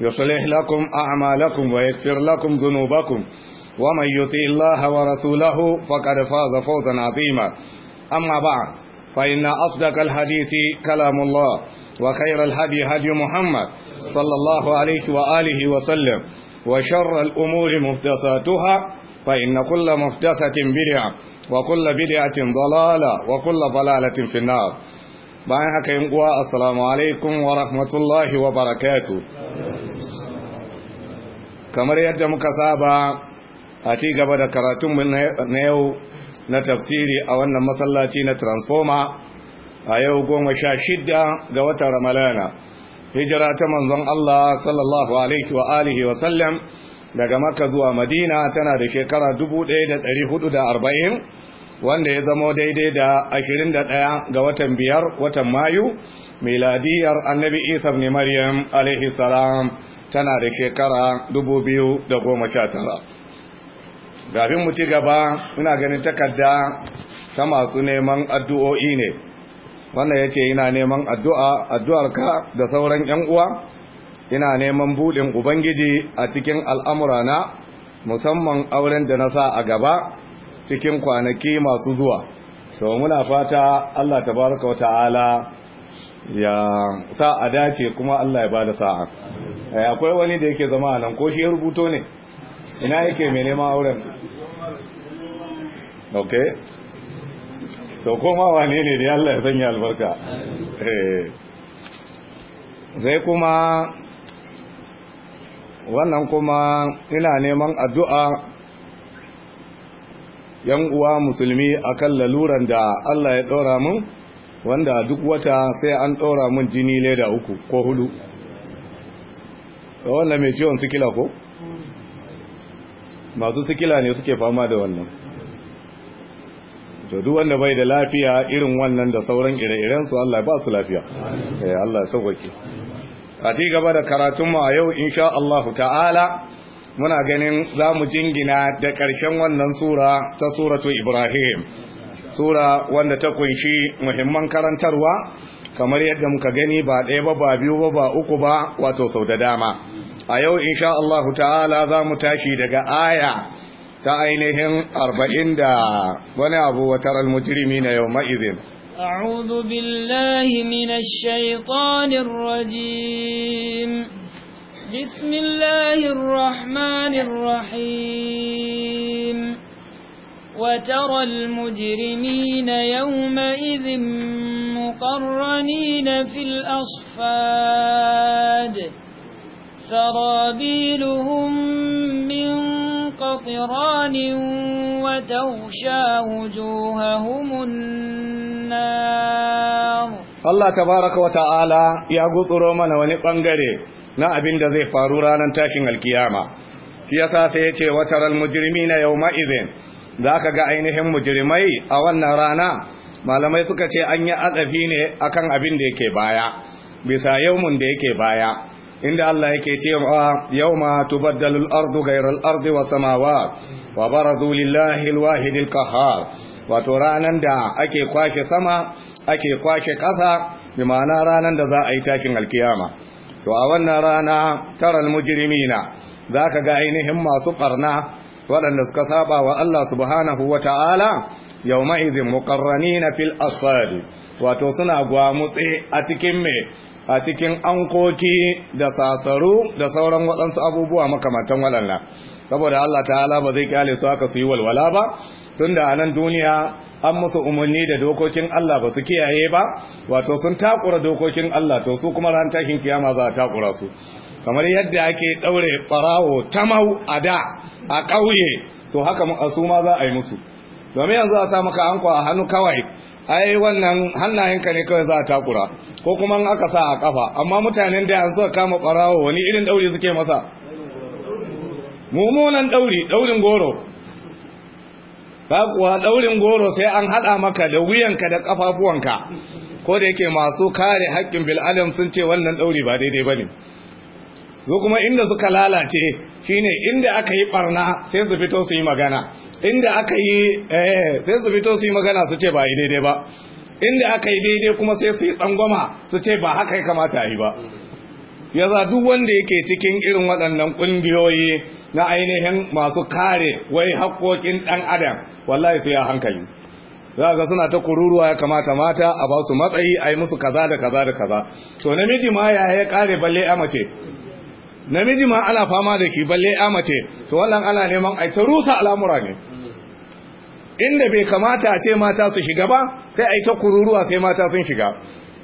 يصلح لكم أعمالكم ويكفر لكم ذنوبكم ومن يطيع الله ورسوله فقد فاز فوزا عظيما أما بعد فإن أصدق الحديث كلام الله وخير الهدي هدي محمد صلى الله عليه وآله وسلم وشر الأمور محدثاتها فإن كل محدثة بدعة وكل بدعة ضلالة وكل ضلالة في النار bayan haka yin uwa assalamu alaikum wa rahmatullahi wa barakatu kamar yadda muka saba a ci gaba da karatunmu na yau na tafsiri a wannan masallaci na transformer a yau goma sha shidda ga watan ramalana hijira ta manzon Allah sallallahu alaihi wa alihi wa sallam daga maka zuwa madina tana da shekara 1440 wanda ya zamo daidai da ashirin da ɗaya ga watan biyar watan mayu miladiyar annabi isa ne maryam alaihi salam tana da shekara da goma 2019 gafin mu ci gaba ina ganin takarda ta masu neman addu'o'i ne wannan ya ce ina neman addu'a addu'arka da sauran ‘yan uwa ina neman buɗin ubangiji a cikin al'amurana musamman auren da na sa a gaba cikin kwanaki masu zuwa to muna fata Allah tabaraka wata'ala ya sa a dace kuma Allah ya bada sa'a eh, akwai wani da yake zama nan ko shi ya rubuto ne ina yake mai neman auren okay to kuma wani ne da Allah ya sanya albarka zai eh. kuma wannan kuma ina neman addu'a yan uwa musulmi akan laluran da Allah ya ɗora mun wanda duk wata sai an ɗora mun jini leda uku ko hudu wannan mai ciwon sikila ko masu sikila ne suke fama da wannan to duk wanda bai da lafiya irin wannan da sauran ire-iren su Allah ba su lafiya eh Allah ya sauke a ci gaba da karatun mu a yau insha Allah ta'ala muna ganin za mu jingina da ƙarshen wannan sura ta suratu ibrahim sura wanda ta kunshi muhimman karantarwa kamar yadda muka gani ba ɗaya ba ba biyu ba ba uku ba wato sau da dama a yau insha Allah ta'ala za mu tashi daga aya ta ainihin arba'in da wani abu wa taral mujirimi na yau ma'izin أعوذ بالله من الشيطان الرجيم بسم الله الرحمن الرحيم وترى المجرمين يومئذ مقرنين في الأصفاد سرابيلهم من قطران وتغشى وجوههم النار Allah tabaraka wa ta'ala ya gutsuro mana wani bangare na abin da zai faru ranar tashin alkiyama shi yasa sai ya ce na yau yawma za zaka ga ainihin mujrimai a wannan rana malamai suka ce an yi azafi ne akan abin da yake baya bisa yawmun da yake baya inda Allah yake cewa yawma tubaddalu al-ardu ghayra al-ardi was wa barazu lillahi al-wahid wato ranan da ake kwashe sama ake kwashe ƙasa bi ma'ana ranar da za a yi takin alkiyama to a wannan rana taral mujrimina za ka ga ainihin masu ɓarna waɗanda suka saba wa Allah subhanahu wa ta'ala yau ma'izin muƙarrani na fil asfari wato suna gwamutse a cikin a cikin ankoki da sasaru da sauran waɗansu abubuwa makamantan waɗannan saboda Allah ta'ala ba zai kyale su aka su yi walwala ba Tun da nan duniya an musu umarni da dokokin Allah ba su kiyaye ba wato sun takura dokokin Allah to su kuma ran tashin kiyama za a takura su kamar yadda ake daure barawo tamau a da a kauye to haka su ma za a yi musu domin yanzu a sa maka hanko a hannu kawai ai wannan hannayenka ne kawai za a takura ko kuma aka sa a kafa amma mutanen da an zuwa kama barawo wani irin daure suke masa mummunan daure daurin goro ka kuwa daurin goro sai an hada maka da wuyanka da kafafuwanka ko da yake masu kare haƙƙin bil'adam sun ce wannan dauri ba daidai bane ko kuma inda suka lalace shine inda aka yi barna sai su fito su yi magana inda aka yi eh sai su fito su yi magana su ce ba daidai ba inda aka yi daidai kuma sai su yi tsangwama su ce ba haka ya kamata a yi ba ya za duk wanda yake cikin irin waɗannan ƙungiyoyi na ainihin masu kare wai haƙoƙin ɗan adam wallahi su ya hankali za ga suna ta kururuwa ya kamata mata a ba su matsayi a yi musu kaza da kaza da kaza to namiji ma ya ya kare balle a mace namiji ma ana fama da ki balle a mace to wallan ana neman a ta rusa al'amura ne inda bai kamata a ce mata su shiga ba sai a yi ta kururuwa sai mata sun shiga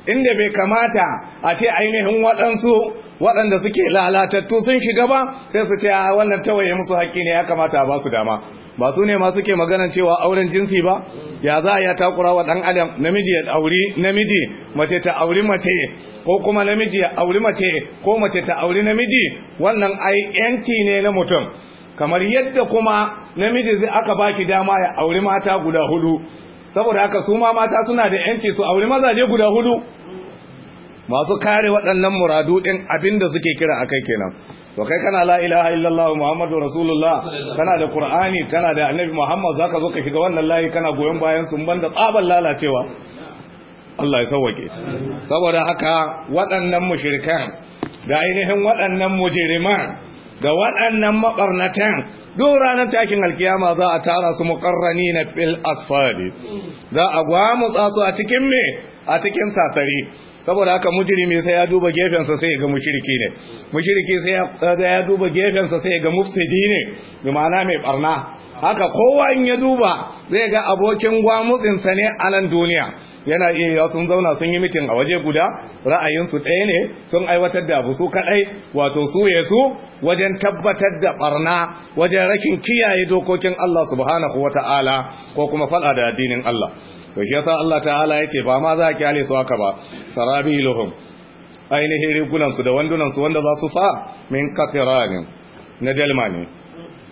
inda bai kamata a ce ainihin waɗansu waɗanda suke lalatattu sun shiga ba sai su ce a ah, wannan tawaye musu haƙƙi ne ya kamata ba su dama ba su ne ma suke maganan cewa auren jinsi ba ya za a yi takura wa ɗan adam namiji ya auri namiji mace ta auri mace ko kuma namiji ya auri mace ko mace ta auri namiji wannan ai yanci ne na mutum kamar yadda kuma namiji zai aka baki dama ya auri mata guda hudu saboda haka su ma mata suna da yanci su auri mazaje guda hudu masu kare waɗannan muradu ɗin abinda suke kira akai kenan to kai kana la ilaha illallah muhammadu rasulullah kana da qur'ani kana da annabi muhammad zaka zo ka shiga wannan layi kana goyon bayan sun banda tsaban lalacewa Allah ya sauwake saboda haka waɗannan mushrikan da ainihin waɗannan mujriman da waɗannan mabarnatan duk ranar takin alkiyama za a tara su muqarrani na fil asfali mm. za a gwamutsa su a cikin me a cikin sasari saboda haka mujrimi sai ya duba gefensa sai ya ga mushriki ne mushriki sai ya duba gefensa sai ya ga mufsidi ne bi mai barna haka kowa in ya duba zai ga abokin sa ne a nan duniya yana iya sun zauna sun yi mitin a waje guda ra'ayinsu ɗaya ne sun aiwatar da abu su kaɗai wato su ya su wajen tabbatar da barna wajen rashin kiyaye dokokin Allah subhanahu wata'ala ko kuma faɗa da addinin Allah to shi yasa Allah ta'ala yace ba ma za a kyale su haka ba sarabiluhum ainihin rigunan su da wandunan su wanda za su sa min katiranin na dalmani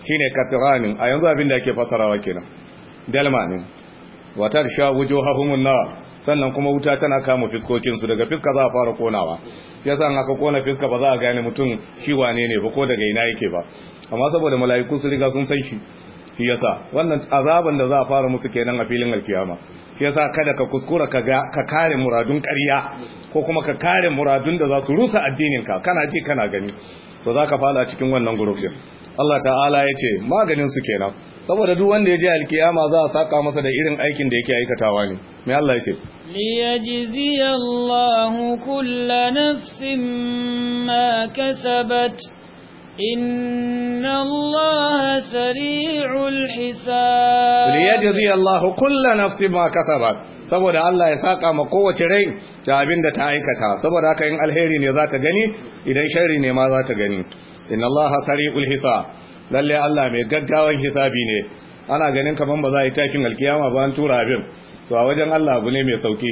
shine katiranin a yanzu abin da yake fasarawa kenan dalmani ne watar sha wujuhahumun na sannan kuma wuta tana kama fiskokinsu daga fiska za a fara konawa ya san aka kona fiska ba za a gane mutum shi wane ne ba ko daga ina yake ba amma saboda mala'iku su riga sun san shi shi yasa wannan azaban da za a fara musu kenan a filin alkiyama shi yasa kada ka kuskura ka ga ka kare muradun ƙarya ko kuma ka kare muradun da za su rusa addinin ka kana ji kana gani to zaka fada cikin wannan gurufin Allah ta'ala ya ce maganin su kenan saboda duk wanda ya je alkiyama za a saka masa da irin aikin da yake aikatawa ne mai Allah ya ce liyajziya Allahu kullu nafsin ma kasabat إن الله سريع الحساب ليجزي الله كل نفس ما كسبت saboda Allah ya saka ma kowace rai da abin da ta aikata saboda haka in alheri ne za ta gani idan sharri ne ma za ta gani inna Allah sari'ul hisab lalle Allah mai gaggawan hisabi ne ana ganin kaman ba za a yi tashin alkiyama ba an tura abin to a wajen Allah abu ne mai sauki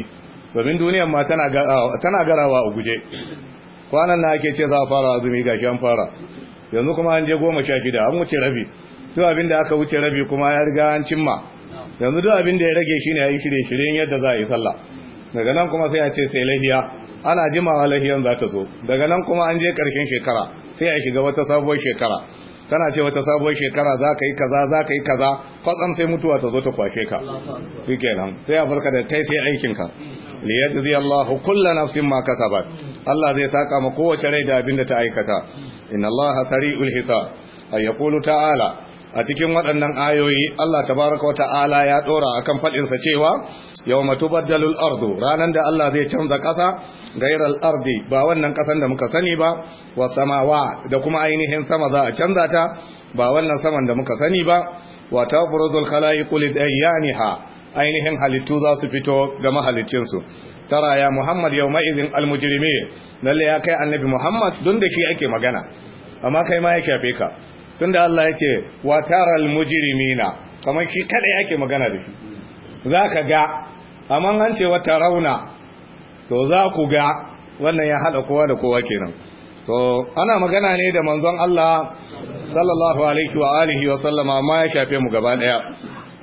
domin duniyar ma tana garawa a guje kwanan na ake ce za a fara azumi gashi an fara yanzu kuma an je goma sha shida an wuce rabi duk abin da aka wuce rabi kuma ya riga an cimma yanzu duk abin da ya rage shine ayi shirye shiryen yadda za a yi sallah daga nan kuma sai a ce sai lahiya ana jimawa lahiyan za ta zo daga nan kuma an je karshen shekara sai a shiga wata sabuwar shekara kana ce wata sabuwar shekara za ka yi kaza za ka yi kaza kwatsam sai mutuwa ta zo ta kwashe ka kenan sai a farka da kai sai aikin aikinka liyajzi Allahu kullu nafsin ma kasabat Allah zai saka ma kowace rai da abin da ta aikata inna allaha sari'ul hisab a yaƙulu ta'ala a cikin waɗannan ayoyi Allah tabaraka wa ta'ala ya ɗora akan faɗinsa cewa yau baddalul ardu ranar da Allah zai canza ƙasa gairar ardi ba wannan ƙasan da muka sani ba wa samawa da kuma ainihin sama za a canza ta ba wannan saman da muka sani ba wa tabruzul khalaiqu lidayyaniha ainihin halittu za su fito ga mahalicinsu tara ya muhammad yau ma'izin almujirimi lalle ya kai annabi muhammad don da shi ake magana amma kai ma ya kyafe ka tun da allah ya ce wa tara na? kamar shi kadai ake magana da shi za ka ga amma an ce wata rauna to za ku ga wannan ya haɗa kowa da kowa kenan to ana magana ne da manzon allah sallallahu alaihi wa alihi wa sallama Amma ya shafe mu gaba daya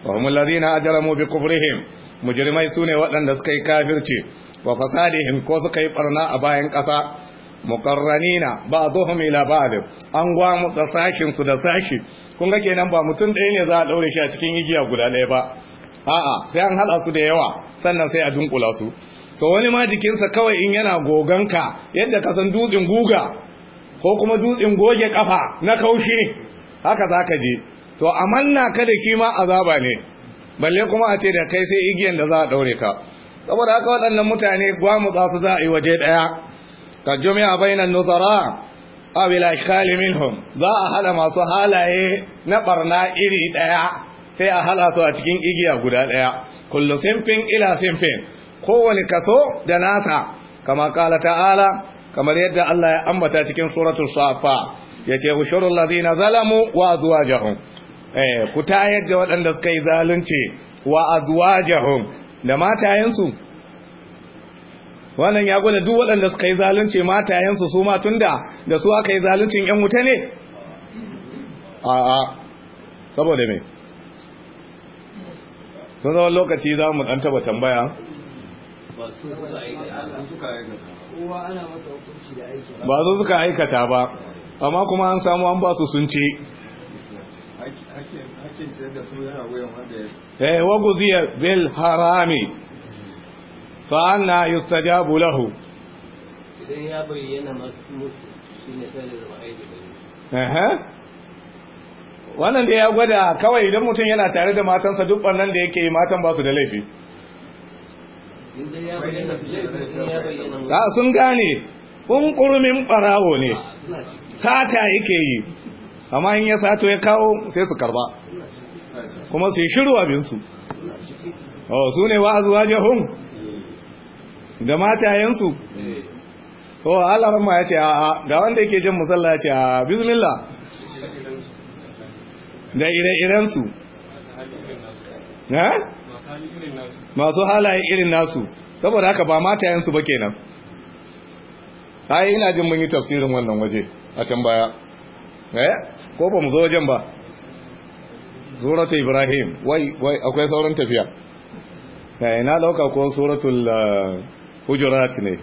wa hum allazina ajramu bi kufrihim mujrimai sune waɗanda suka yi kafirci wa fasadihim ko suka yi barna a bayan ƙasa muqarranina ba'dhum ila ba'd an gwamu da sashin su da sashi kun ga kenan ba mutum ɗaya ne za a daure shi a cikin igiya guda ɗaya ba a'a sai an hada su da yawa sannan sai a dunkula su To wani ma jikinsa kawai in yana goganka yadda ka san dutsen guga ko kuma dutsen goge kafa na kaushi haka za ka je to amanna kada ka da azaba ne balle kuma a ce da kai sai igiyan da za a daure ka saboda haka waɗannan mutane gwamu za su za a yi waje ɗaya ka jumi'a bainan nuzara aw ila ikhali minhum za a hada masu halaye na barna iri ɗaya sai a hada su a cikin igiya guda ɗaya kullu simfin ila simfin, kowane kaso da nasa kama kala ta'ala kamar yadda Allah ya ambata cikin suratul safa yace ushurul ladina zalamu wa azwajahum Eh, ku tayar da waɗanda suka yi zalunci wa azwajahum da matayensu wannan ya gwada duk waɗanda suka yi zalunci matayensu su ma tunda da su aka yi zaluncin yan wuta ne a'a saboda me sun zama lokaci za mu ɗan taba tambaya ba su suka aikata ba amma kuma an samu an ba su sun ce hakkin sayar da su yana wuyan ya eh wa guziya bil harami fa anna yustajabu lahu idan ya bayyana musu shine sai da wa'idi wannan da ya gwada kawai idan mutum yana tare da matansa duk wannan da yake matan ba su da laifi ah, sun gane kunkurumin barawo ne ah, sata yake yi amma in ya sato ya kawo sai su karba kuma su yi shiru abinsu oh, su ne wa azuwa jahun da matayensu eh. o oh, Allah ramma ya ce a'a ga wanda yake jin musalla ya ce a bismillah da ire-irensu eh? masu halaye irin nasu saboda haka ba matayensu ba kenan ai ina jin mun yi tafsirin wannan waje a can baya Eh? ko ba mu zo wajen ba suratul ibrahim wai wai akwai sauran tafiya eh, Ina dauka ko suratul eh, hujurat ne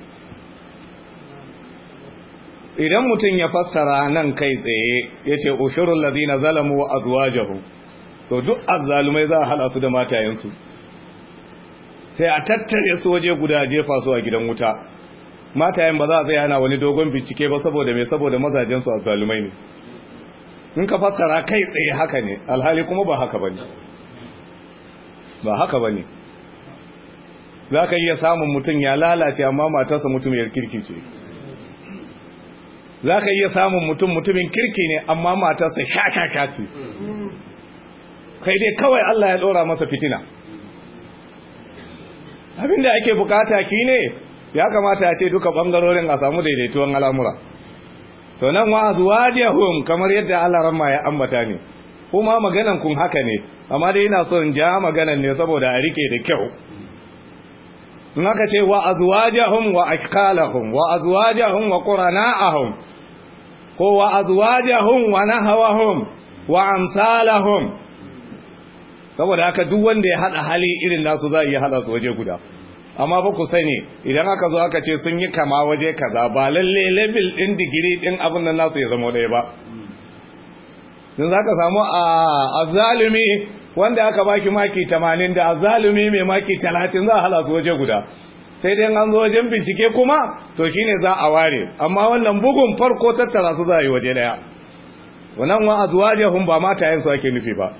idan mutum ya fassara nan kai tsaye ya ce ushirun lazina zalamu wa azwajahu to duk azzalumai za a hala su da matayensu sai a tattare su waje guda jefa su a gidan wuta matayen ba za a tsaya na wani dogon bincike ba saboda mai saboda mazajen su azzalumai ne in ka fassara kai tsaye haka ne alhali kuma ba haka bane ba haka bane za ka iya samun mutum ya lalace amma matarsa mutumiyar kirki ce za iya samun mutum mutumin kirki ne amma matarsa shakaka ce kai dai kawai Allah ya ɗora masa fitina abinda ake bukata ki ne ya kamata ya ce duka bangarorin a samu daidaituwan al'amura to nan wa azwajahum kamar yadda Allah ramma ya ambata ne kuma maganan kun haka ne amma dai ina son ja maganan ne saboda a rike da kyau in aka ce wa azwajahum wa aqalahum wa azwajahum wa qurana'ahum ko wa azwajahum wa nahawahum wa amsalahum saboda haka duk wanda ya hada hali irin nasu za iya hada su waje guda amma ba ku sani idan aka zo aka ce sun yi kama waje kaza ba lalle level din digiri din abin nan nasu ya zama ɗaya ba don za ka samu a azalumi wanda aka baki maki 80 da azalumi mai maki 30 za a hala waje guda sai dai an zo wajen bincike kuma to shine za a ware amma wannan bugun farko tattara su za a yi waje daya wannan wa azwajahum ba matayen su ake nufi ba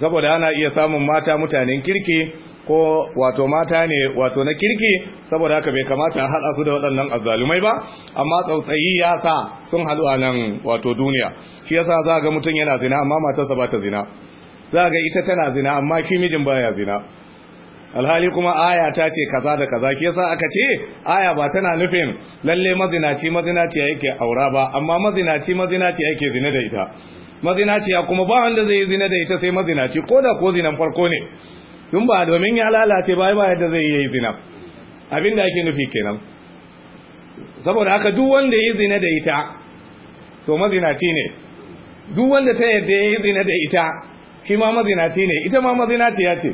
saboda ana iya samun mata mutanen kirki ko wato mata ne wato na kirki saboda haka bai kamata a haɗa su da waɗannan azzalumai ba amma tsautsayi ya sa sun haɗu a nan wato duniya shi yasa za ga mutum yana zina amma matarsa ba ta zina za ga ita tana zina amma shi mijin baya zina alhali kuma aya ta ce kaza da kaza shi sa aka ce aya ba tana nufin lalle mazinaci mazinaci yake aura ba amma mazinaci mazinaci yake zina da ita mazinaci kuma ba wanda zai zina da ita sai mazinaci ko da ko zinan farko ne tun ba domin ya lalace ba ba yadda zai yi zina abin da ake nufi kenan saboda haka duk wanda ya zina da ita to mazinaci ne duk wanda ta yadda ya yi zina da ita shi ma mazinaci ne ita ma ya ce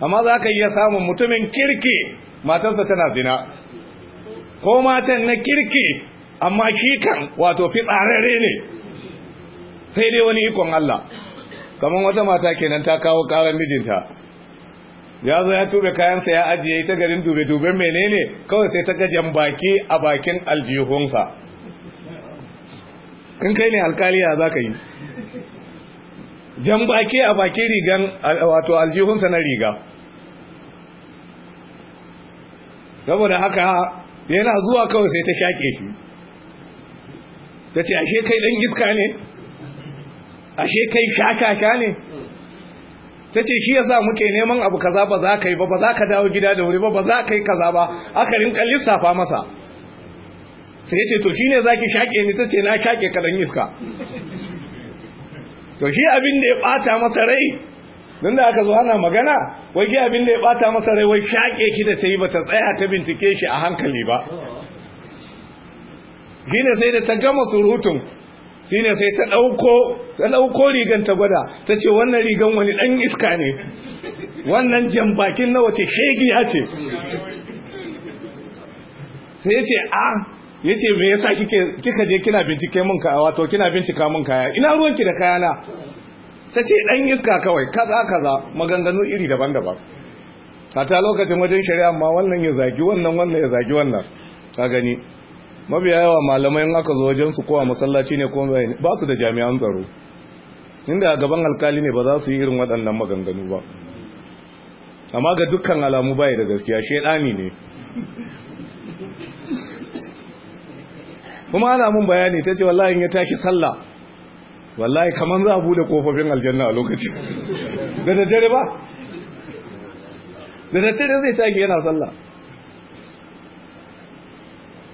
amma za ka iya samun mutumin kirki matarsa tana zina ko matan na kirki amma shi kan wato fitsararre ne sai dai wani ikon Allah kamar wata mata kenan ta kawo karan mijinta ya zo ya tube kayansa ya ajiye ta garin dube-dube menene kawai sai ta gajen baki a bakin aljihunsa in kai ne alkaliya za ka yi jan baki a bakin rigan wato aljihunsa na riga saboda haka yana zuwa kawai sai ta shaƙe shi ta ce ake kai ɗan iska ne ashe kai shakaka ne ta ce shi yasa muke neman abu kaza ba za ka yi ba ba za ka dawo gida da wuri ba ba za ka yi kaza ba aka rinka lissafa masa sai ya ce to shi ne za ki shaƙe ni ta ce na shaƙe kaɗan iska to shi abin da ya ɓata masa rai don da aka zo ana magana wai shi abin da ya ɓata masa rai wai shaƙe ki da ta yi ba ta tsaya ta bincike shi a hankali ba shi sai da ta gama surutun shine sai ta dauko ta dauko rigan ta gwada ta ce wannan rigan wani dan iska ne wannan jambakin na wace shegiya ce sai ya ce a ah, yace me yasa kika je kina bincike mun kaya wato kina bincika mun kaya ina ki da kaya ta ce dan iska kawai kaza kaza maganganu iri daban-daban ta ta lokacin wajen shari'a ma wannan ya zagi wannan wannan ya zagi wannan ka gani mabiya yawa malamai in aka zo wajen su kowa masallaci ne ko ba su da jami'an tsaro inda a gaban alkali ne ba za su yi irin waɗannan maganganu ba amma ga dukkan alamu bai da gaskiya shaidani ne kuma ana mun bayani ta ce wallahi ya tashi sallah wallahi kamar za a bude kofofin aljanna a lokaci da daddare ba da daddare zai tashi yana sallah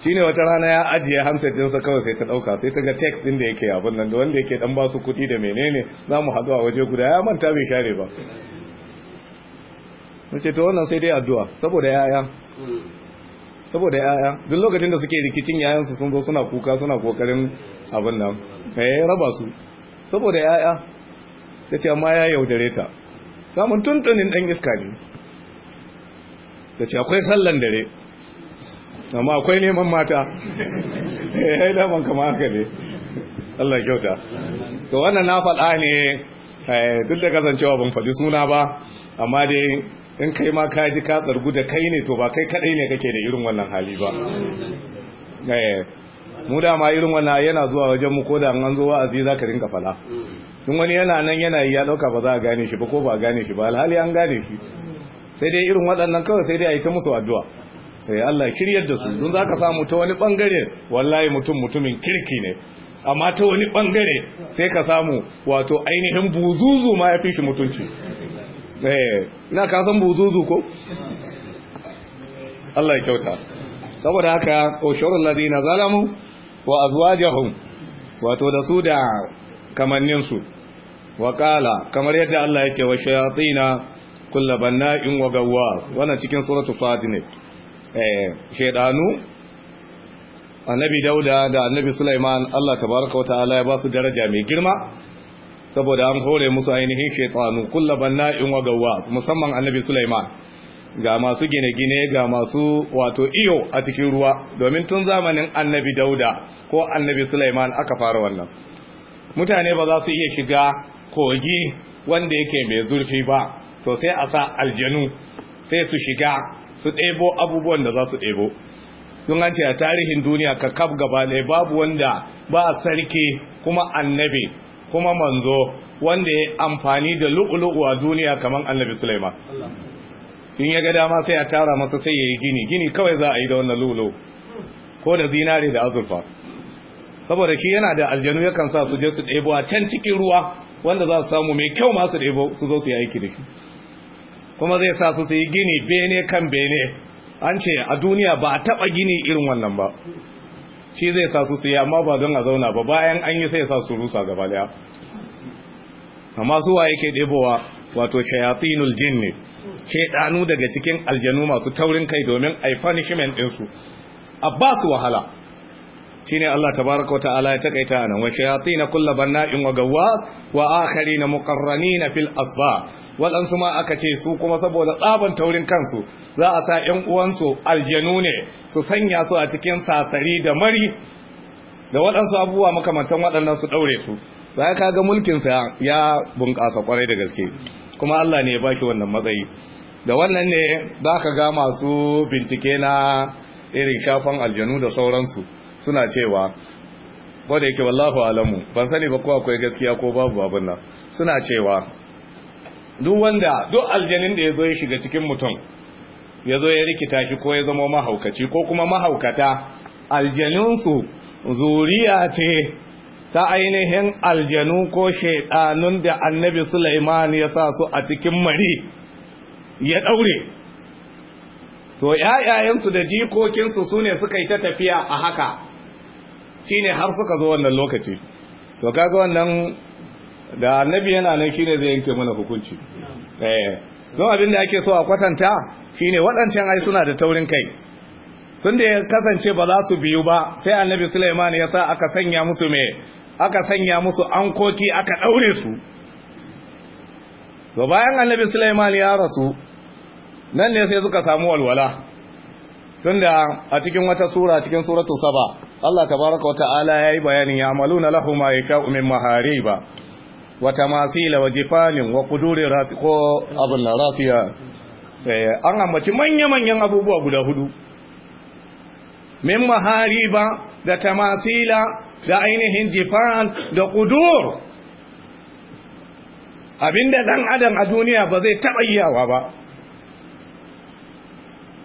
Shi ne wata rana ya ajiye hamsa jinsa kawai sai ta dauka sai ta ga text ɗin da yake abin nan da wanda yake dan ba su kuɗi da menene za mu haɗu a waje guda ya manta bai share ba nake to wannan sai dai addu'a saboda yaya saboda yaya duk lokacin da suke rikicin yayan su sun zo suna kuka suna kokarin abin nan eh raba su saboda yaya tace amma ya yaudare ta samun tuntunin dan iska ne tace akwai sallan dare amma akwai neman mata eh daman kama haka ne Allah kyauta to wannan na faɗa ne eh, duk da kasancewa ban faɗi suna ba amma dai in kai ma ka ji ka tsargu da kai ne to ba kai kadai ne kake da irin wannan hali ba eh, mu da ma irin wannan yana zuwa wajen mu ko da an zo wa'azi zaka rinka fala tun wani yana nan yana yi ya dauka ba za a gane shi ba ko ba a gane shi ba alhali an gane shi sai dai irin waɗannan kawai sai dai a yi ta musu addu'a sai eh, Allah kiryar da su don za ka samu ta wani bangare wallahi mutum mutumin kirki ne amma ta wani bangare sai ka samu wato ainihin buzuzu ma ya fi shi mutunci eh na ka san buzuzu ko Allah ya kyauta saboda haka ushurul na zalamu wa azwajuhum wato da su da kamannin su wa kala kamar yadda Allah ya ce wa shayatina kullabanna in wa gawwa wannan cikin suratul fatih ne Eh, shaidanu annabi dauda da annabi sulaiman Allah tabaraka wa ta'ala ya ba su daraja mai girma saboda an hore musu ainihin shaitanu kullaban in wa gawwa musamman annabi sulaiman ga masu gine-gine ga masu wato iyo a cikin ruwa domin tun zamanin annabi dauda ko annabi sulaiman aka fara wannan mutane ba za su iya shiga kogi wanda yake mai zurfi ba to sai a sa aljanu sai su shiga su ɗebo abubuwan da za su ɗebo sun an ce a tarihin duniya ka kaf gaba ne babu wanda ba a sarki kuma annabi kuma manzo wanda ya amfani da lu'ulu'u a duniya kamar annabi Sulaiman in ya ga dama sai a tara masa sai ya yi gini gini kawai za a yi da wannan lulu ko da zinare da azurfa saboda shi yana da aljanu yakan sa su je su ɗebo a can cikin ruwa wanda za su samu mai kyau masu ɗebo su zo su yi aiki da shi kuma zai sa su sai gini bene kan bene an ce a duniya ba a taɓa gini irin wannan ba shi zai sa su sai amma ba don a zauna ba bayan an yi sai sa su rusa gaba daya amma su wa yake ɗebowa wato shayatinul jinni ɗanu daga cikin aljanu masu taurin kai domin a punishment ɗinsu a ba su wahala shine Allah tabaaraka wa ta'ala ya takaita anan wa shayatin kullu banna'in wa gawwa wa akharin muqarranin fil asba wal ma aka su kuma saboda tsaban taurin kansu za a sa ƴan uwansu aljanu ne su sanya su a cikin sasari da mari da waɗansu abubuwa makamantan waɗannan su ɗaure su sai kaga mulkin sa ya bunƙasa kwarai da gaske kuma Allah ne ya bashi wannan matsayi da wannan ne za ka ga masu bincike na irin shafan aljanu da sauransu suna cewa ko yake wallahu alamu ban sani ba ko akwai gaskiya ko babu abin nan suna cewa duk wanda duk aljanin da ya zo ya shiga cikin mutum ya zo ya rikita shi ko ya zama mahaukaci ko kuma mahaukata aljaninsu zuriya ce ta ainihin aljanu ko shaidanun da annabi Sulaiman ya sa su a cikin mari ya daure to ƴaƴayensu da jikokinsu sune suka yi ta tafiya a haka shine har suka zo wannan lokaci to kaga wannan da annabi yana nan shine zai yanke mana hukunci eh don abin da ake so a kwatanta shine waɗancan ai suna da taurin kai tun da ya kasance ba za su biyu ba sai annabi Sulaiman ya sa aka sanya musu me aka sanya musu ankoki aka daure su to bayan annabi Sulaiman ya rasu nan ne sai suka samu walwala tunda a cikin wata sura cikin suratu saba Allah tabaraka wa ta'ala yayi bayanin ya'maluna lahu ma yasha'u min mahariba wa tamasila wa jifanin wa quduri abin abun rafiya. Eh, an ambaci manya-manyan abubuwa guda hudu min mahariba da tamasila da ainihin jifan da qudur abinda dan adam a duniya ba zai taɓa yawa ba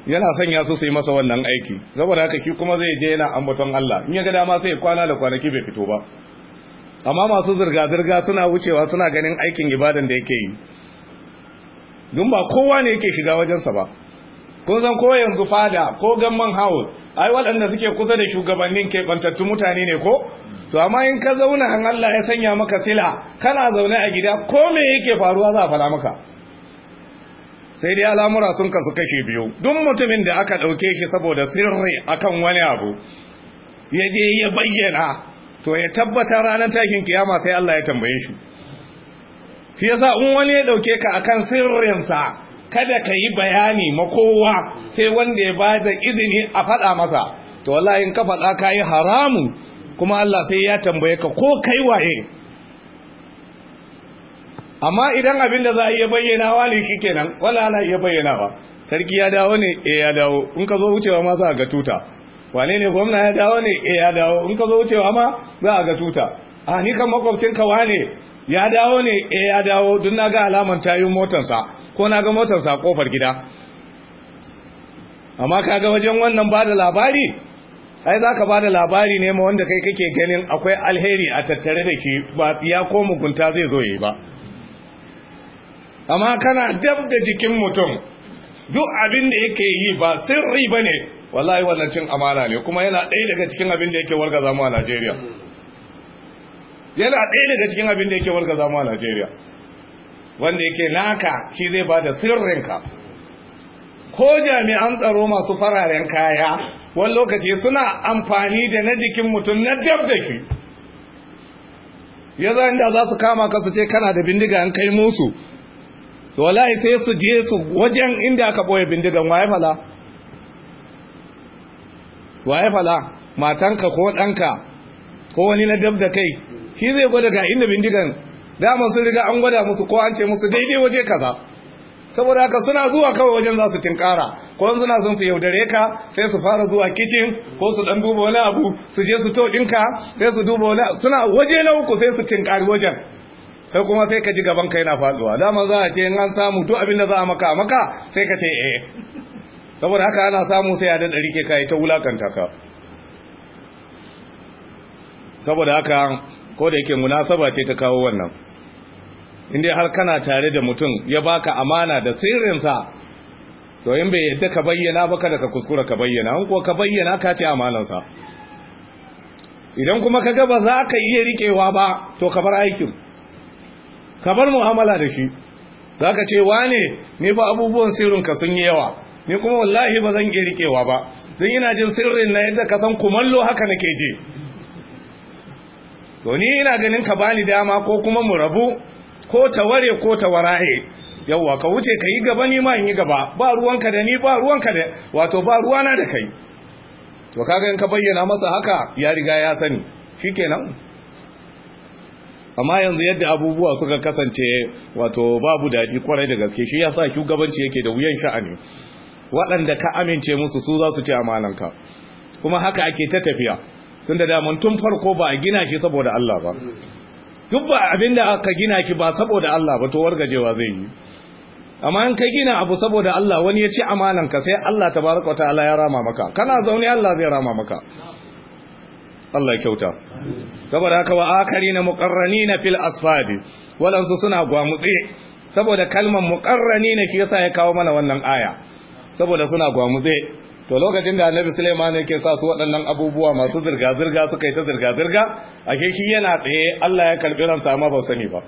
yana sanya su sai masa wannan aiki saboda haka ki kuma zai je yana ambaton Allah in ya ga dama sai kwana da kwanaki bai fito ba amma masu zirga zirga suna wucewa suna ganin aikin ibadan da yake yi dun ba kowa ne yake shiga wajen sa ba kun san ko yanzu fada ko gamman house ai waɗanda suke kusa da shugabannin ke? bantattu mutane ne ko to amma in ka zauna an Allah ya sanya maka sila kana zaune a gida ko me yake faruwa za a fara maka sai dai al'amura sun kasu kashe biyu duk mutumin da aka ɗauke shi saboda sirri akan wani abu ya je ya bayyana to ya tabbata ranar takin kiyama sai Allah ya tambaye shi shi yasa in wani ya ɗauke ka akan sirrinsa kada ka yi bayani makowa sai wanda ya ba da izini a faɗa masa to wallahi in ka faɗa ka yi haramu kuma Allah sai ya tambaye ka ko kai waye amma idan abin da za a iya bayyana wa ne shi kenan wala ana iya bayyanawa sarki ya dawo ne eh ya dawo in ka zo wucewa ma za a ga tuta wane ne gwamna ya dawo ne eh ya dawo in ka zo wucewa ma za a ga tuta a ah, ni kan ka wane ya dawo ne eh ya dawo duk na ga alaman tayin motarsa ko na ga motarsa kofar gida amma kaga wajen wannan ba da labari ai za ka ba da labari ne ma wanda kai kake ganin akwai alheri a tattare da shi ba ya ko mugunta zai zo yi ba amma kana dab da jikin mutum duk abin da yake yi ba sirri ba ne wallahi wannan cin amana ne kuma yana ɗaya daga cikin abin da yake warga zama a najeriya yana ɗaya daga cikin abin da yake warga zama a najeriya wanda yake naka shi zai ba da sirrinka ko jami'an tsaro masu fararen kaya wani lokaci suna amfani da na jikin mutum na dab da shi ya za inda za su kama ka su ce kana da bindiga an kai musu wallahi sai su je su wajen inda aka boye bindigan waye fala waye fala matanka ko ɗanka ko wani na dab da kai shi zai gwada ga inda bindigan dama sun riga an gwada musu ko an ce musu daidai waje kaza saboda haka suna zuwa kawai wajen za su tinkara ko suna son su yaudare ka sai su fara zuwa kicin ko su dan duba wani abu su je su to dinka sai su duba wani suna waje na uku sai su tinkari wajen sai kuma sai ka ji gaban ka yana faduwa dama za a ce in an samu to abin da za a maka a maka sai ka ce eh saboda haka ana samu sai a dada rike kayi ta wulakanta ka saboda haka ko da yake munasaba ce ta kawo wannan inda har kana tare da mutum ya baka amana da sirrinsa to in bai yadda ka bayyana ba kada ka kuskura ka bayyana an ko ka bayyana ka ce amanansa idan kuma ka ga ba za ka iya rikewa ba to ka bar aikin ka bar mu'amala da shi za ka ce wane ne ba abubuwan sirrinka sun yi yawa ni kuma wallahi ba zan iya riƙewa ba don ina jin sirrin na yadda ka san kumallo haka nake je. to ni ina ganin ka bani dama ko kuma mu rabu ko ta ware ko ta warahe ka wuce ka yi gaba ni ma in yi gaba ba ruwanka da ni ba ruwanka da wato ba ruwana da kai to kaga in ka bayyana masa haka ya riga ya sani shikenan amma yanzu yadda abubuwa suka kasance wato babu daɗi kwarai da gaske shi ya yasa shugabanci yake da wuyan sha'ani waɗanda ka amince musu su za su ce amananka kuma haka ake ta tafiya tun da damun tun farko ba a gina shi saboda Allah ba duk ba abin da aka gina shi ba saboda Allah ba to wargajewa zai yi amma in ka gina abu saboda Allah wani ya ci amananka sai Allah tabaraka wa ta'ala ya rama maka kana zaune Allah zai rama maka Allah ya kyauta saboda haka wa akari na muƙarrani na fil asfadi waɗansu suna gwamutse saboda kalmar muƙarrani na shi yasa ya kawo mana wannan aya saboda suna gwamutse to lokacin da annabi suleiman yake sa su waɗannan abubuwa masu zirga-zirga suka yi ta zirga-zirga a shi yana tsaye Allah ya karɓi ransa amma ba sani ba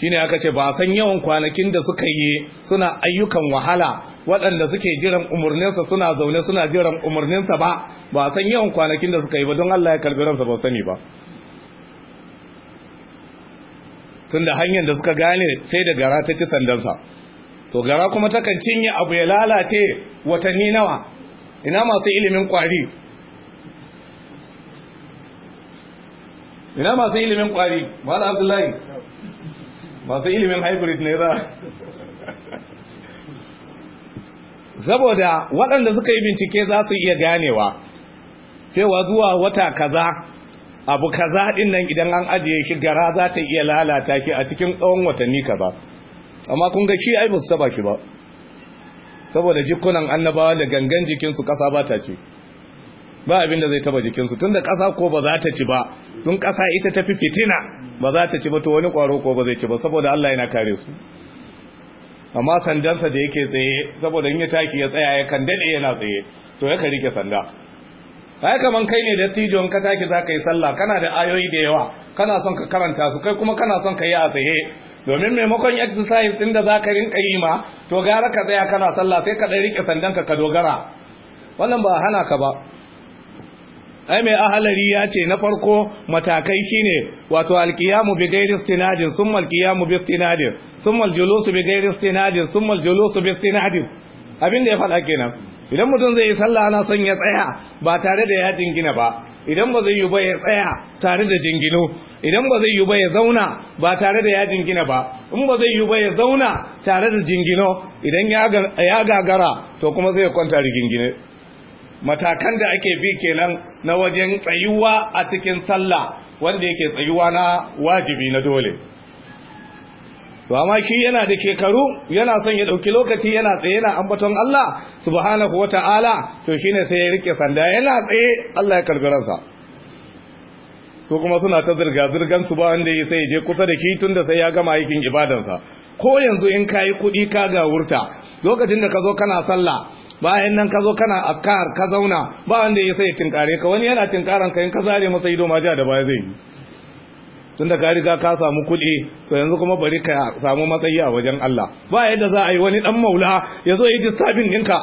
shine aka ce ba san yawan kwanakin da suka yi suna ayyukan wahala waɗanda suke jiran umarninsa suna zaune suna jiran umarninsa ba ba san yawan kwanakin da suka yi ba don Allah ya karbi ransa ba sani ba tunda hanyar da suka gane sai da gara ta ci sandansa to gara kuma takan cinye abu ya lalace watanni nawa ina masu ilimin kwari ina masu ilimin kwari mala abdullahi masu ilimin hybrid ne za saboda waɗanda suka yi bincike za su iya ganewa cewa zuwa wata kaza abu kaza ɗin nan idan an ajiye shi gara za ta iya lalata shi a cikin tsawon watanni kaza amma kun ga shi ai ba su taba shi ba saboda jikunan annabawa da gangan jikinsu ƙasa ba ta ce ba abin da zai taba jikinsu tun da ƙasa ko ba za ta ci ba tun ƙasa ita fi fitina ba za ta ci ba to wani ƙwaro ko ba zai ci ba saboda Allah yana kare su amma sandansa da yake tsaye saboda in ya taki ya tsaya ya kan daɗe yana tsaye to ya kan rike sanda ai kaman kai ne da tijon ka taki za ka yi sallah kana da ayoyi da yawa kana son ka karanta su kai kuma kana son ka yi a tsaye domin maimakon exercise ɗin da za ka rinka yi ma to gara ka tsaya kana sallah sai ka ɗan rike sandanka ka dogara wannan ba hana ka ba ai mai ahalari ya ce na farko matakai shine wato alkiyamu bi gairi istinadin sun malkiyamu bi istinadin sun aljulusu bi gairi istinadin sun aljulusu bi istinadin abin da ya faɗa kenan idan mutum zai yi sallah ana son ya tsaya ba tare da ya jingina ba idan ba zai yi ba ya tsaya tare da jingino idan ba zai yi ba ya zauna ba tare da ya jingina ba in ba zai yi ba ya zauna tare da jingino idan ya gagara to kuma zai kwanta rigingine matakan da ake bi kenan na wajen tsayuwa a cikin sallah wanda yake tsayuwa na wajibi na dole to amma shi yana da shekaru yana son ya dauki lokaci yana tsaye yana ambaton Allah subhanahu wata'ala to shine sai ya rike sanda yana tsaye Allah ya karbi sa su kuma suna ta zirga zirgan su ba wanda ya sai je kusa da shi tunda sai ya gama aikin ibadansa ko yanzu in kayi kudi ka ga wurta lokacin da ka zo kana sallah bayan nan ka zo kana askar ka zauna ba wanda ya sai tinkare ka wani yana tinkaran ka in ka zare masa ido ma ja da baya zai yi tunda ka riga ka samu kuɗi to yanzu kuma bari ka samu matsayi a wajen Allah ba yadda za a yi wani dan maula ya zo yi disabin ɗinka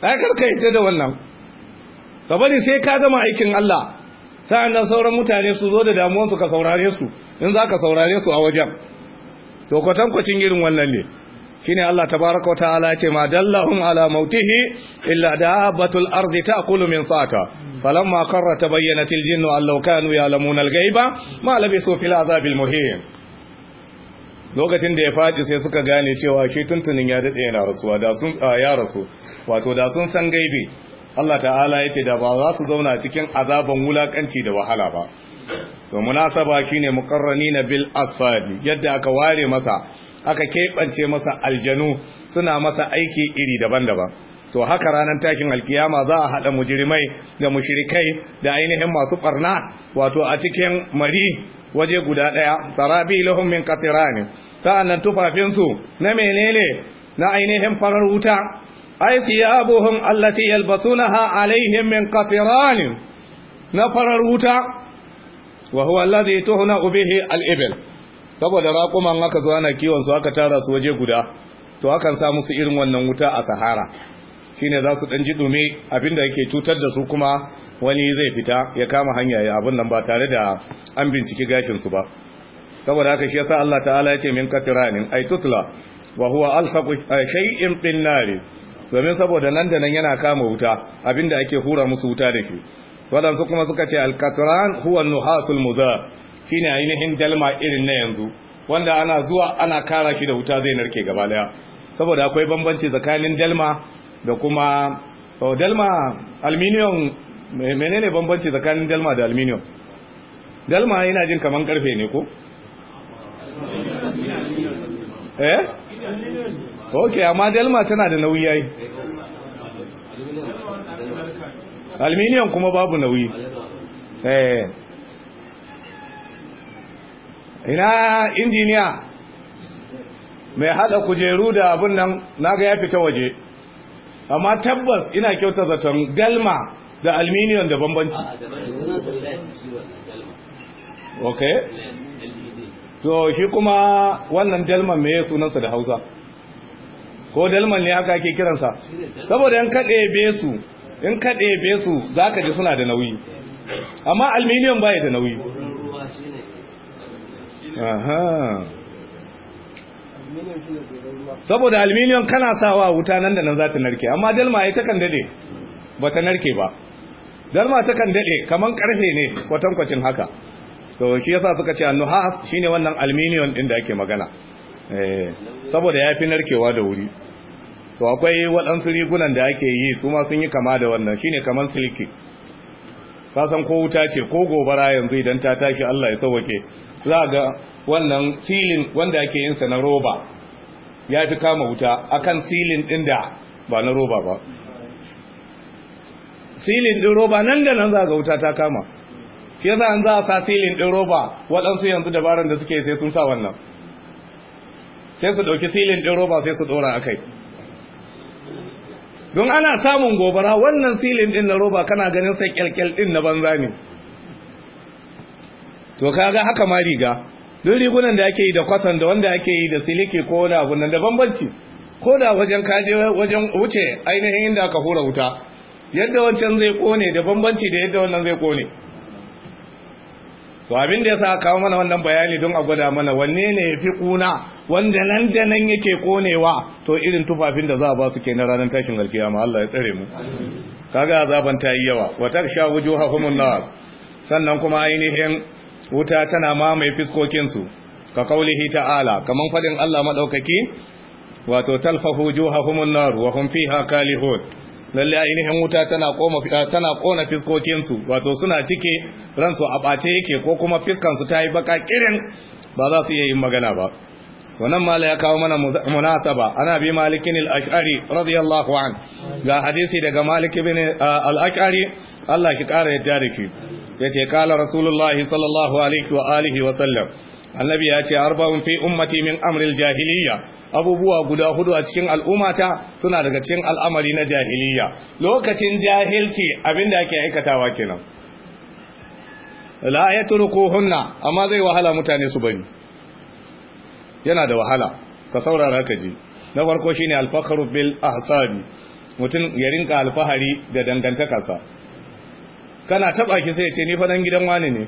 ai karka yi da wannan ka bari sai ka gama aikin Allah sa'an nan sauran mutane su zo da damuwansu ka saurare su in za ka saurare su a wajen to kwatankwacin irin wannan ne shine Allah tabaaraka wa ta'ala yace ma dallahum ala mautihi illa dabbatul ardi ta'kulu min fata falamma qarra tabayyanat aljinnu allau kanu ya'lamuna alghaiba ma labisu fil azabil muhim lokacin da ya faɗi sai suka gane cewa shi tuntunin ya daɗe yana rasuwa da sun ya rasu wato da sun san gaibi Allah ta'ala ya ce da ba za su zauna cikin azaban wulakanci da wahala ba to munasaba shine muqarrani na bil asfali yadda aka ware masa aka keɓance masa aljanu suna masa aiki iri daban-daban to haka ranar takin alkiyama za a haɗa mujirmai da mushirikai da ainihin masu ɓarna wato a cikin mari waje guda ɗaya sarabi lahum min qatirani sa'annan tufafinsu na menene na ainihin farar wuta ay thiyabuhum allati yalbasunaha alaihim min qatirani na farar wuta wa huwa allazi tuhna bihi al saboda raƙuman aka zo ana kiwon su aka tara su waje guda to akan sa musu irin wannan wuta a sahara shine za su dan ji dume abinda yake cutar da su kuma wani zai fita ya kama hanya ya abin nan ba tare da an binciki gashin su ba saboda haka shi yasa Allah ta'ala yace min katiranin ay tutla wa huwa alsaqu shay'in bin nar domin saboda nan da nan yana kama wuta abinda ake hura musu wuta da shi wadansu kuma suka ce alkatran huwa nuhasul muzar shine ainihin dalma irin na yanzu wanda ana zuwa ana kara shi da wuta zai narke gaba daya saboda akwai bambanci tsakanin dalma da kuma dalma aluminium menene bambanci tsakanin dalma da aluminium dalma yana jin kaman karfe ne ko eh ok amma dalma tana da nauyi yayi aluminium kuma babu nauyi eh ina injiniya mai hada kujeru da abin nan na ga ya fita waje amma tabbas ina kyauta zaton galma da alminiyon da bambanci ok to shi kuma wannan dalman mai sunansa da hausa ko dalman ne aka ake kiransa saboda in kaɗe be su in kaɗe be za ka ji suna da nauyi amma alminiyon baya da nauyi saboda aluminium kana sawa wuta nan da nan za ta narke amma dalma ya takan daɗe ba ta narke ba dalma takan daɗe kaman karfe ne kwatankwacin haka to shi yasa suka ce shi shine wannan aluminium din da ake magana eh, Saboda ya fi narkewa da wuri to akwai waɗansu rigunan da ake yi su ma sun yi kama da wannan shine kaman silki ka ko wuta ce ko gobara yanzu idan ta tashi Allah ya sauke za ga wannan silin wanda ake yin sa na roba ya fi kama wuta akan silin din da ba na roba ba silin din roba nan da nan za ga wuta ta kama shi yasa an za a sa silin din roba waɗansu yanzu dabaran da suke sai sun sa wannan sai su ɗauki silin din roba sai su ɗora a kai don ana samun gobara wannan silin din na roba kana ganin sai kyalkyal din na banza ne to kaga haka ma riga duk rigunan da ake yi da kwasan da wanda ake yi da siliki ko wani abu nan da bambanci ko da wajen kaje wajen wuce ainihin inda aka hura wuta yadda wancan zai kone da bambanci da yadda wannan zai kone to abin da yasa kawo mana wannan bayani don a gwada mana wanne ne yafi kuna wanda nan da nan yake konewa to irin tufafin da za a ba su kenan ranar tashin alkiyama Allah ya tsare mu kaga azaban ta yi yawa wa taksha wujuhakum nar sannan kuma ainihin wuta tana mamaye fiskokinsu ka kaulihi ta'ala kaman fadin Allah madaukaki wato talfahu juhahumun nar wa hum fiha kalihun lalle ainihin wuta tana koma tana kona fiskokinsu su wato suna cike ransu a bace yake ko kuma fiskansu su tayi baka kirin ba za su iya yin magana ba wannan mala ya kawo mana munasaba ana bi malikin al-ash'ari radiyallahu an ga hadisi daga malik ibn al-ash'ari Allah ki kara yadda da ki yace kala rasulullahi sallallahu alaihi wa alihi wa sallam annabi ya ce arba'un fi ummati min amril jahiliya abubuwa guda hudu a cikin al'ummata suna daga cikin al'amari na jahiliya lokacin jahilci abinda ake aikatawa kenan la yatrukuhunna amma zai wahala mutane su bari yana da wahala ka saurara ka ji na farko shine al-fakhru bil ahsabi mutum ya rinka alfahari da dangantakarsa kana taba ki sai ce ni fa dan gidan wani ne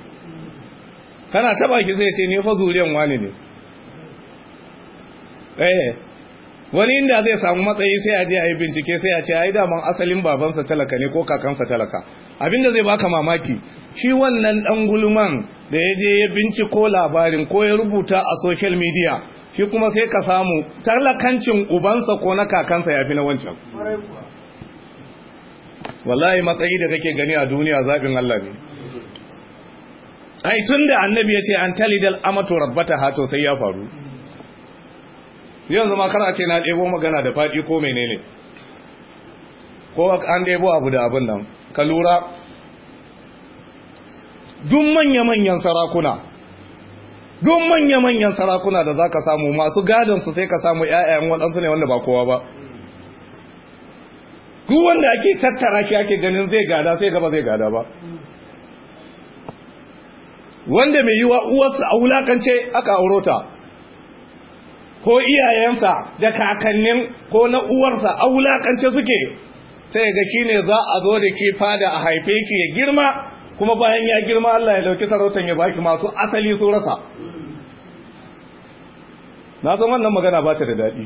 kana taba ki sai ce ni fa zuriyan wani ne eh wani inda zai samu matsayi sai a je a yi bincike sai a ce ai daman asalin babansa talaka ne ko kakansa talaka abinda zai baka mamaki shi wannan dan gulman da ya je ya binciko labarin ko ya rubuta a social media shi kuma sai ka samu talakancin ubansa ko na kakansa ya fi na wancan wallahi matsayi da kake gani a duniya zaɓin Allah ne ai tun da annabi ya ce an talidal amatu rabbata hato sai ya faru yanzu ma kana ce na ɗebo magana da faɗi ko menene ko an ɗebo abu da abin nan ka lura duk manya-manyan sarakuna duk manya-manyan sarakuna da za ka samu masu gadon su sai ka samu 'ya'yan waɗansu ne wanda ba kowa ba Ku wanda ake tattara shi ake ganin zai gada sai gaba zai gada ba wanda mai yiwa uwarsa a wulakance aka aurota ko iyayensa da kakannin ko na uwarsa a wulakance suke sai ga shi ne za a zo da ke fada a haife ki ya girma kuma bayan ya girma Allah ya dauki sarautan ya baki masu asali su rasa na san wannan magana ba ta da daɗi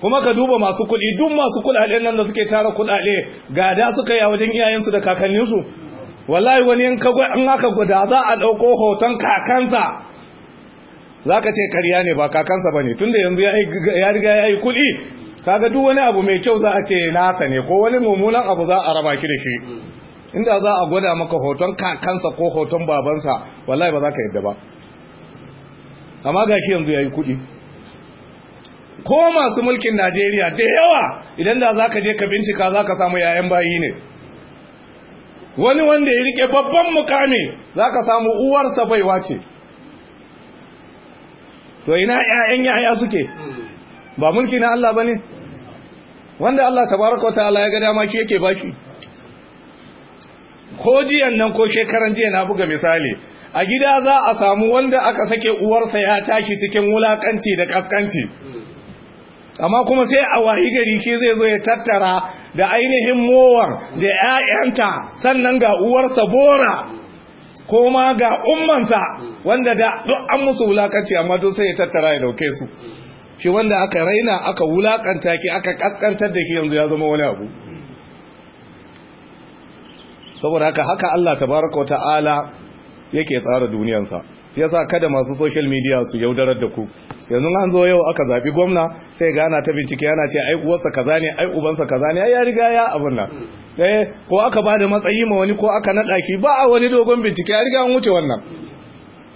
kuma ka duba masu kuɗi duk masu kuɗaɗen nan da suke tara kuɗaɗe gada suka yi a wajen iyayensu da kakanninsu wallahi wani in ka an aka guda za a ɗauko hoton kakansa za ka ce karya ne ba kakansa ba ne tun yanzu ya riga ya yi kuɗi kaga duk wani abu mai kyau za a ce nasa ne ko wani mummunan abu za a raba shi da shi inda za a gwada maka hoton kakansa ko hoton babansa wallahi ba za ka yadda ba amma gashi yanzu ya yi kuɗi ko masu mulkin najeriya da yawa idan da za ka je ka bincika za ka samu yayan bayi ne wani wanda ya rike babban mukami za ka samu uwarsa baiwa ce to ina 'ya'yan yaya suke ba mulki na Allah ba ne wanda Allah tabaraka ta'ala ya ga dama shi yake baki ko jiyan nan ko shekaran jiya na buga misali a gida za a samu wanda aka sake uwarsa ya tashi cikin wulakanci da kaskanci amma kuma sai a wayi gari ke zai zo ya tattara da ainihin mowar da 'ya'yanta sannan ga uwarsa bora ko ma ga ummansa wanda da duk an musu wulakanci amma duk sai ya tattara ya dauke su shi wanda aka raina aka wulakanta ki aka kaskantar da ki yanzu ya zama wani abu saboda haka haka Allah tabaraka wa ta'ala yake tsara duniyansa yasa kada masu social media su yaudarar da ku yanzu an zo yau aka zaɓi gwamna sai gana ta bincike yana ce ai uwarsa kaza ne ai ubansa kaza ne ya riga ya abun nan eh ko aka bada matsayi ma wani ko aka nada shi ba a wani dogon bincike ya riga an wuce wannan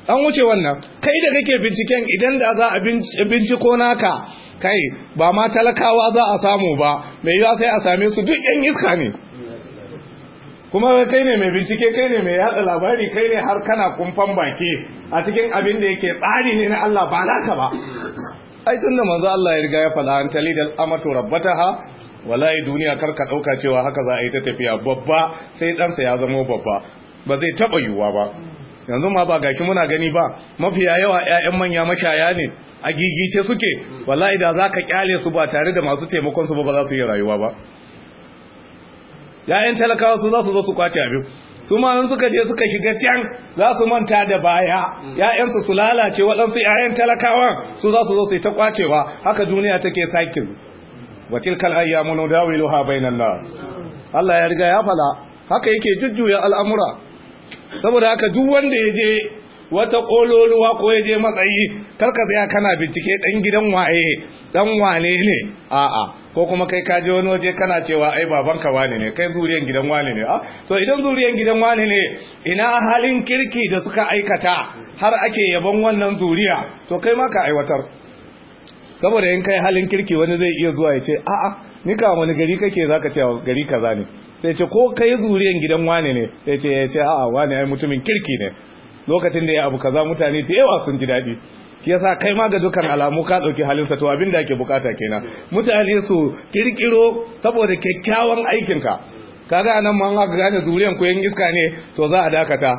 an wuce wannan kai da kake binciken idan da za a binciko naka kai ba ma talakawa za a samu ba mai yiwa sai a same su duk yan iska ne kuma kai ne mai bincike kai ne mai yada labari kai ne har kana kumfan baki a cikin abin da yake tsari ne na Allah ba naka ba ai tun da manzo Allah ya riga ya fada an dal amatu rabbataha wallahi duniya ka dauka cewa haka za a yi ta tafiya babba sai ɗansa ya zama babba ba zai taba yiwuwa ba yanzu ma ba gashi muna gani ba mafiya yawa ƴaƴan manya mashaya ne a gigice suke wallahi da zaka kyale su ba tare da masu taimakon su ba ba za su yi rayuwa ba ya'yan talakawa su za su zo su kwace abin su ma nan suka je suka shiga can za su manta da baya ya'yansu su lalace waɗansu ya'yan talakawa su za su zo su ta kwacewa haka duniya take sakin wa tilkal ayyamu nudawiluha bainan nas Allah ya riga ya fala haka yake jujjuya al'amura saboda haka duk wanda ya je wata ƙololuwa ko ya je matsayi karka tsaya kana bincike ɗan gidan waye ɗan wane ne a'a ko kuma kai ka je wani waje kana cewa ai babanka wane ne kai zuriyan gidan wane ne a ah, to idan zuriyan gidan wane ne ina halin kirki da suka aikata har ake yabon wannan zuriya to kai ma ka aiwatar saboda in kai halin kirki wani zai iya zuwa ya ce a'a ni ka wani gari kake zaka ce gari kaza ne sai ce ko kai zuriyan gidan wane ne sai ce ya ce a'a wane ai mutumin kirki ne lokacin da ya abu kaza mutane da yawa sun ji daɗi shi yasa kai ma ga dukkan alamu ka ɗauki sa to abin da ake bukata kenan mutane su kirkiro saboda kyakkyawan aikinka kaga nan ma ga gane zuriyan ku iska ne to za a dakata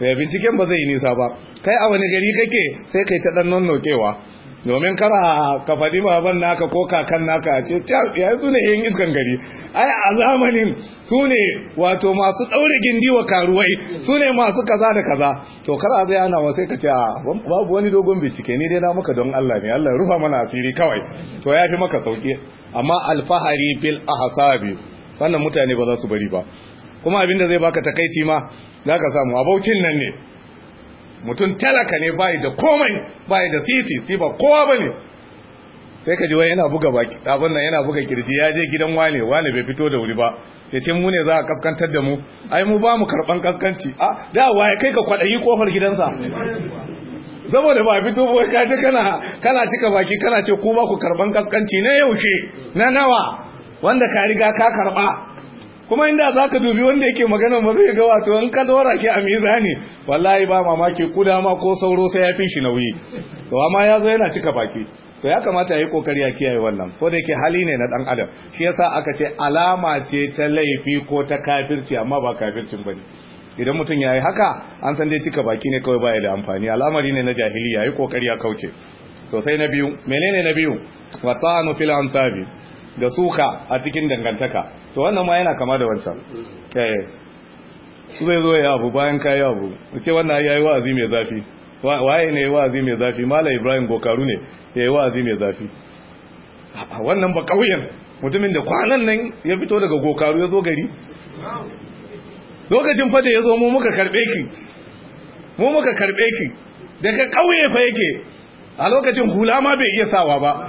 eh, binciken ba zai yi nisa ba kai a wani gari kake sai kai ta ɗan nonnokewa domin kara ka faɗi baban naka ko kakan naka ce ya su ne yin iskan gari ai a zamanin su ne wato masu ɗaure gindi wa karuwai su ne masu kaza da kaza to kara zai ana wa sai ka ce ah, babu wani dogon bincike ni dai na maka don Allah ne Allah rufa mana asiri kawai to ya fi maka sauki amma alfahari bil ahsabi wannan mutane ba za su bari ba kuma abinda zai baka takaici ma zaka samu abokin nan ne mutum talaka ne bayi da komai bayi da sisi si ba kowa bane sai ka ji yana buga baki abin nan yana buga kirji ya je gidan wane wane bai fito da wuri ba ya ce mu ne za a kaskantar da mu ai mu ba mu karban kaskanci a ah, da waye kai ka kwadayi kofar gidansa saboda ba fito ba ka ji kana kana cika baki kana ce ku ba ku karban kaskanci na yaushe na nawa wanda ka riga ka karba kuma inda za ka dubi wanda yake magana ba zai ga wato in ka dora ki a mizani wallahi ba mamaki kuda ma ko sauro sai ya fi shi nauyi to amma ya zo yana cika baki to ya kamata ya yi kokari ya kiyaye wannan ko da yake hali ne na dan adam shi yasa aka ce alama ce ta laifi ko ta kafirci amma ba kafircin bane idan mutum ya yi haka an san dai cika baki ne kawai baya da amfani al'amari ne na jahiliya yi kokari ya kauce sosai na biyu menene na biyu wa ta'anu fil ansabi da suka a cikin dangantaka to wannan ma yana kama da wancan eh su zai zo ya abu bayan kai abu ce wannan ya yi wa'azi mai zafi waye ne ya yi wa'azi mai zafi mala ibrahim gokaru ne ya yi wa'azi mai zafi wannan ba ƙauyen mutumin da kwanan nan ya fito daga gokaru ya zo gari lokacin fada ya zo mu muka karɓe ki mu muka karɓe ki daga ƙauye fa yake a lokacin hula ma bai iya sawa ba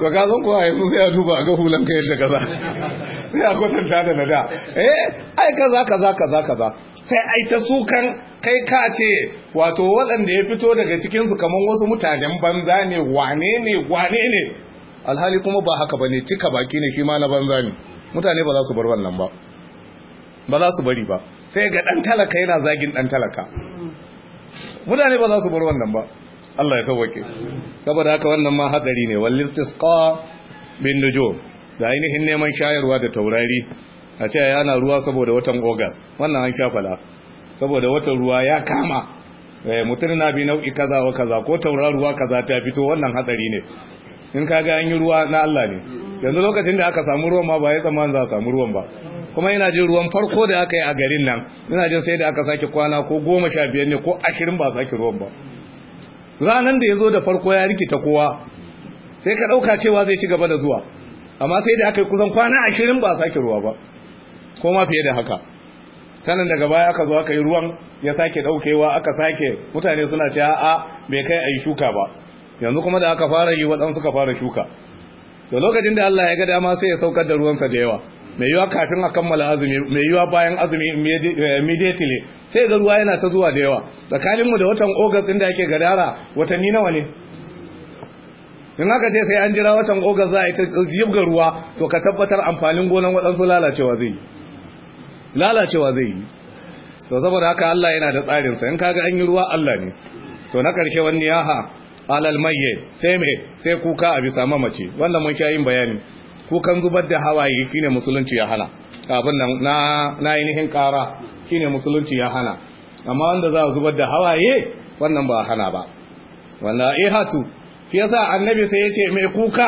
to ka san kuwa yanzu sai a duba a ga hulan ka yadda kaza sai a kwatanta da nada eh ai kaza kaza kaza kaza sai ai ta sukan kai ka ce wato waɗanda ya fito daga cikin su kamar wasu mutanen banza ne wane ne wane ne alhali kuma ba haka bane cika baki ne shi ma na banza ne mutane ba za su bar wannan ba ba za su bari ba sai ga dan talaka yana zagin dan talaka mutane ba za su bar wannan ba Allah ya sauwake saboda haka wannan ma hadari ne wal tisqa bin nujo da ainihin neman shayarwa da taurari a ce yana ruwa saboda watan ogas wannan an shafala saboda watan ruwa ya kama eh, mutun na bi nau'i kaza wa kaza ko ruwa kaza ta fito wannan hadari ne in ka ga an yi ruwa na Allah ne yanzu lokacin da aka samu ruwan ma ba ya tsammanin za a samu ruwan ba kuma ina jin ruwan farko da aka yi a garin nan ina jin sai da aka sake kwana ko goma sha biyar ne ko ashirin ba sake ruwan ba ranan da ya zo da farko ya rikita kowa sai ka ɗauka cewa zai ci gaba da zuwa amma sai da aka yi kusan kwana ashirin ba a sake ruwa ba ko ma fiye da haka sanin daga baya aka zo aka yi ruwan ya sake ɗaukewa aka sake mutane suna ce a bai kai a yi shuka ba yanzu kuma da aka fara yi waɗansu suka fara shuka da lokacin da Allah ya ga dama sai ya saukar da ruwansa da yawa mai yiwa kafin a kammala azumi mai yiwa bayan azumi eh, immediately sai ga ruwa yana ta zuwa da yawa tsakaninmu da watan august inda ake gadara watanni nawa ne in haka ce sai an jira watan august za a yi ta jibga ruwa to ka tabbatar amfanin gonan waɗansu lalacewa zai yi lalacewa zai yi to saboda haka Allah yana da tsarinsa in kaga an yi ruwa Allah ne to na ƙarshe wani yaha alal mayye sai me sai kuka a bisa mamaci wannan mun sha yin bayani kukan zubar da hawaye shine musulunci ya hana abin nan na na ainihin kara shine musulunci ya hana amma wanda za a zubar da hawaye wannan ba hana ba Wanda ihatu eh, shi yasa annabi sai yace mai kuka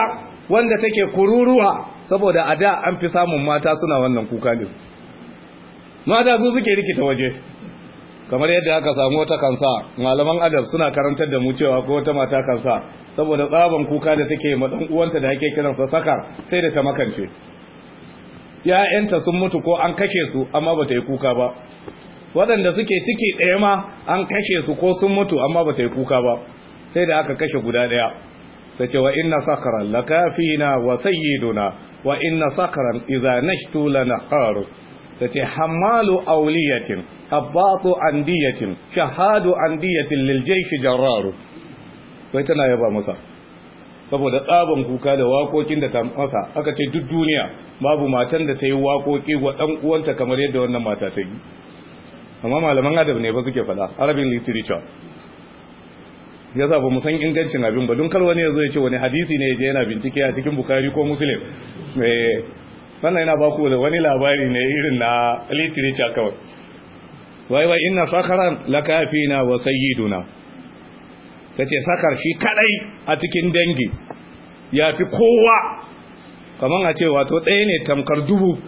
wanda take kururuwa saboda a da an fi samun mata suna wannan kuka ne mata su suke rikita waje kamar yadda aka samu wata kansa malaman adab suna karantar da mu cewa ko wata mata kansa saboda tsaban kuka da take ma dan uwanta da ake kiransa sakar sai da ta makance ya'yanta sun mutu ko an kashe su amma bata yi kuka ba waɗanda suke ciki ɗaya ma an kashe su ko sun mutu amma bata yi kuka ba sai da aka kashe guda ɗaya ta ce wa inna sakaran lakafina wa sayyiduna wa inna sakaran idza nashtu lanahar ta ce hamalu auliyatin abbatu andiyatin shahadu andiyatin liljaishi jararu wai tana yaba masa saboda tsaban kuka da wakokin da ta masa aka ce duk duniya babu matan da ta yi wakoki wa ɗan uwanta kamar yadda wannan mata ta yi amma malaman adab ne ba suke fada arabin literature ya za ba mu san ingancin abin ba don kar ya zo ya ce wani hadisi ne ya je yana bincike a cikin bukari ko muslim eh, wannan yana baku da wani labari ne irin na literature kawai wai wai inna sakaran lakafina wa sayyiduna tace sakar shi kadai a cikin dangi yafi kowa kaman a ce wato ɗaya ne tamkar dubu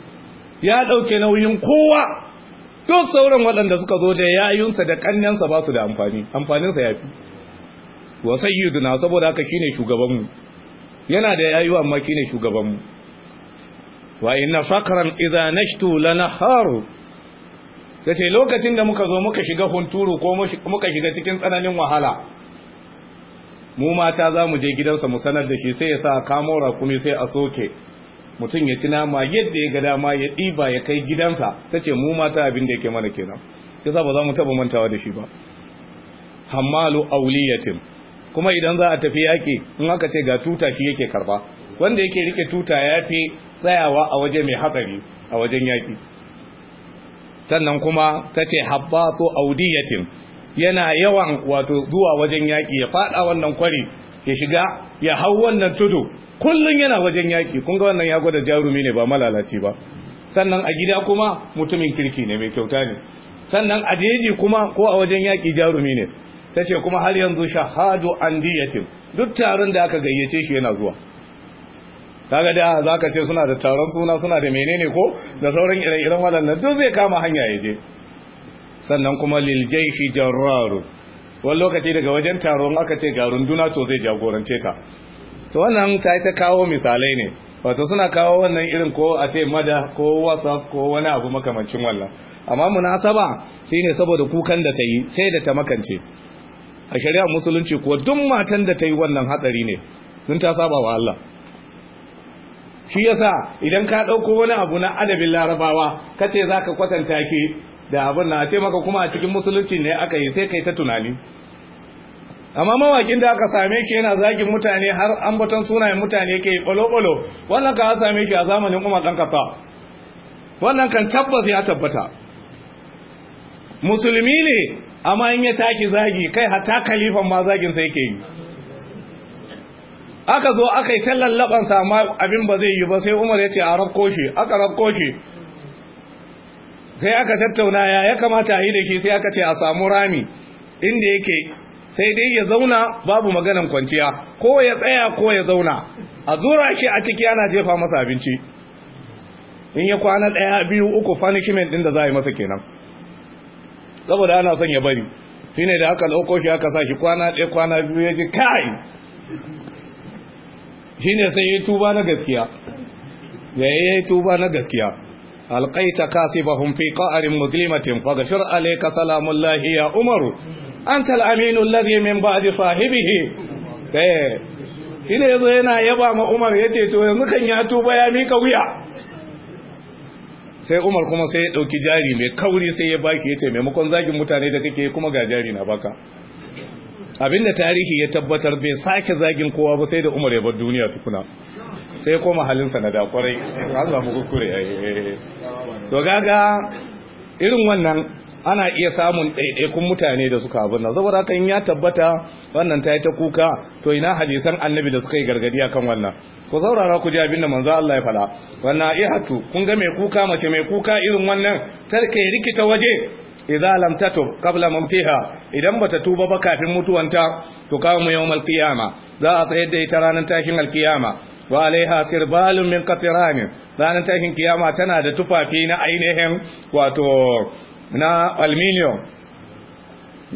ya dauke nauyin kowa duk sauran waɗanda suka zo da yayunsa da kannensa ba su da amfani amfaninsa fi wa sayyiduna saboda haka shine shugabanmu yana da yayu amma shine mu. wa inna faqran idza nashtu lanaharu yace lokacin da muka zo muka shiga hunturu ko muka shiga cikin tsananin wahala mu mata za mu je gidansa mu sanar da shi sai ya sa kamo rakumi sai a soke mutum ya ci nama yadda ya ga dama ya ɗiba ya kai gidansa ta mu mata abin da yake mana kenan yasa ba za mu taba mantawa da shi ba hammalu auliyatin kuma idan za a tafi yaƙi in aka ce ga tuta shi yake karba wanda yake rike tuta ya fi tsayawa a waje mai hatsari a wajen yaki sannan kuma ta ce habbatu audiyatin yana yawan wato zuwa wajen yaki ya fada wannan kwari ya shiga ya hau wannan tudu kullum yana wajen yaki kun ga wannan ya gwada jarumi ne ba malalaci ba sannan a gida kuma mutumin kirki ne mai kyauta ne sannan a jeji kuma ko a wajen yaƙi jarumi ne ta ce kuma har yanzu shahadu an diyatin duk taron da aka gayyace shi yana zuwa kaga da ah, za ka ce suna da taron suna suna da menene ko da sauran ire-iren waɗannan duk zai kama hanya ya je sannan kuma liljaishi jarraru wani lokaci daga wajen taron aka ce ga runduna to zai jagorance ka. to wannan ta ta kawo misalai ne wato suna kawo wannan irin ko a ce mada ko wasa ko wani abu makamancin wannan. amma munasaba shine saboda kukan da ta yi sai da ta makance a shari'ar musulunci kuwa duk matan da ta yi wannan hatsari ne sun ta saba wa Allah shi yasa idan ka ɗauko wani abu na adabin larabawa ka ce za ka kwatanta ki da abin na ce maka kuma a cikin musulunci ne aka yi sai kai ta tunani amma mawakin da aka same shi yana zagin mutane har ambaton sunayen mutane ke ɓalo-ɓalo, wannan ka same ki a zamanin umar ɗan kasa wannan kan tabbas ya tabbata musulmi ne amma in ya taki zagi kai hatta kalifan ma zagin sai ke yi aka zo aka yi tallan labansa amma abin ba zai yi ba sai umar ya ce a rabko shi aka rabko shi sai aka tattauna ya ya kamata a yi da shi sai aka ce a samu rami inda yake sai dai ya zauna babu maganan kwanciya ko ya tsaya ko ya zauna a zura shi a ciki ana jefa masa abinci in ya kwana ɗaya biyu uku punishment ɗin da za a yi masa kenan saboda ana son ya bari shine da aka ɗauko shi aka sa shi kwana ɗaya kwana biyu ya ji kai shine sai yayi tuba na gaskiya da yayi tuba na gaskiya alqaita kasibahum fi qa'rin muzlimatin faghfir alayka salamullahi ya umaru anta al alladhi min ba'di sahibihi eh, shine yazo yana yaba ma umar yace to yanzu kan ya tuba ya mika wuya sai umar kuma sai ya ɗauki jari mai kauri sai ya baki yace maimakon zagin mutane da kake kuma ga jari na baka abinda tarihi ya tabbatar bai sake zagin kowa ba sai da umar ya bar duniya tukuna sai koma halinsa na da kwarai an samu kukure eh, eh, eh, to gaga irin wannan ana iya samun ɗaiɗaikun mutane da suka abin nan saboda haka in ya tabbata wannan ta yi ta kuka to ina hadisan annabi da suka yi gargadi a kan wannan ku saurara ku ji abin da manzo Allah ya fada wannan ihatu kun ga mai kuka mace mai kuka irin wannan ya rikita waje idza lam tatub qabla idan bata tuba ba kafin mutuwanta to kamu yawmal qiyama za a tsayar da ita ranar tashin alkiyama wa alaiha kirbalun min qatran ranar tashin kiyama tana da tufafi na ainihin wato na aluminium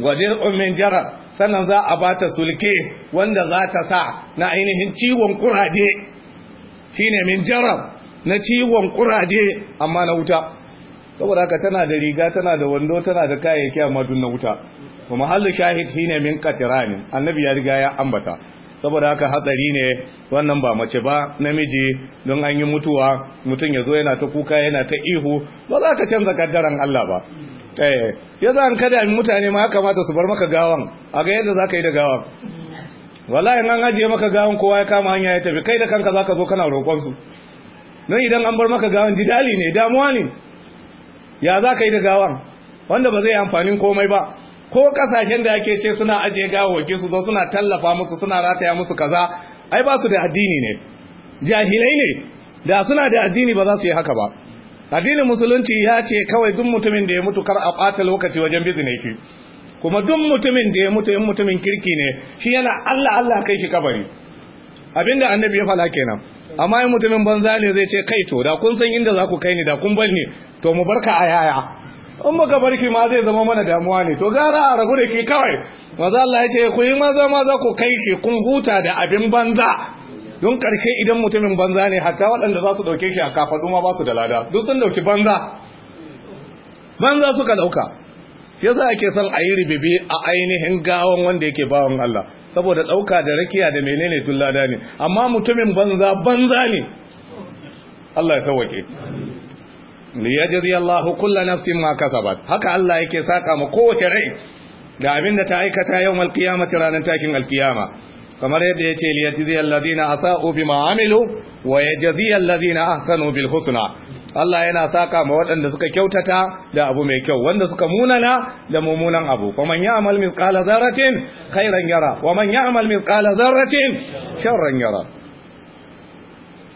wajen min jarar sannan za a bata sulke wanda za ta sa na ainihin ciwon kuraje shine min jarar na ciwon kuraje amma na wuta saboda haka tana da riga tana da wando tana da kayayyaki amma madu na wuta wa mahallu shahid ne min qatirani annabi ya riga ya ambata saboda haka hatsari ne wannan ba mace ba namiji don an yi mutuwa mutum ya zo yana ta kuka yana ta ihu ba za ka canza kaddaran Allah ba eh ya za an kada mutane ma kamata su bar maka gawan a ga yadda za ka yi da gawan wallahi an ajiye maka gawan kowa ya kama hanya ya tafi kai da kanka za ka zo kana roƙon su don idan an bar maka gawan jidali ne damuwa ne ya za ka yi da gawan wanda ba zai yi amfanin komai ba ko kasashen da ake ce suna ajiye ke, su zo suna tallafa musu suna rataya musu kaza ai ba su da addini ne jahilai ne da suna da addini ba za su yi haka ba addinin musulunci ya ce kawai duk mutumin da ya mutu kar a ɓata lokaci wajen bizine shi kuma duk mutumin da ya mutu in mutumin kirki ne shi yana Allah Allah kai shi kabari abinda annabi ya fala kenan amma in mutumin banza ne zai ce kai to da kun san inda za ku kai ni da kun bar ni to mu barka a yaya in muka barki ma zai zama mana damuwa ne to gara a ragu da ke kawai maza Allah ya ce ku yi maza ma za ku kai shi, kun huta da abin banza don karshe idan mutumin banza ne hatta waɗanda za su ɗauke shi a kafaɗu ma ba su da lada duk sun ɗauki banza banza suka ɗauka shi yasa ake son a yi ribibi a ainihin gawan wanda yake bawan Allah saboda ɗauka da rakiya da menene tullada ne amma mutumin banza banza ne Allah ya sauwake liyajri Allahu kulla nafsin ma kasabat haka Allah yake saka ma kowace rai da abin da ta aikata yawmal qiyamati ranar takin alkiyama kamar yadda yace liyajri alladhina asa'u bima amilu wa yajzi alladhina ahsanu bil husna Allah yana saka ma waɗanda suka kyautata da abu mai kyau wanda suka munana da mummunan abu wa man ya'mal mithqala dharratin khairan yara wa man ya'mal mithqala dharratin sharran yara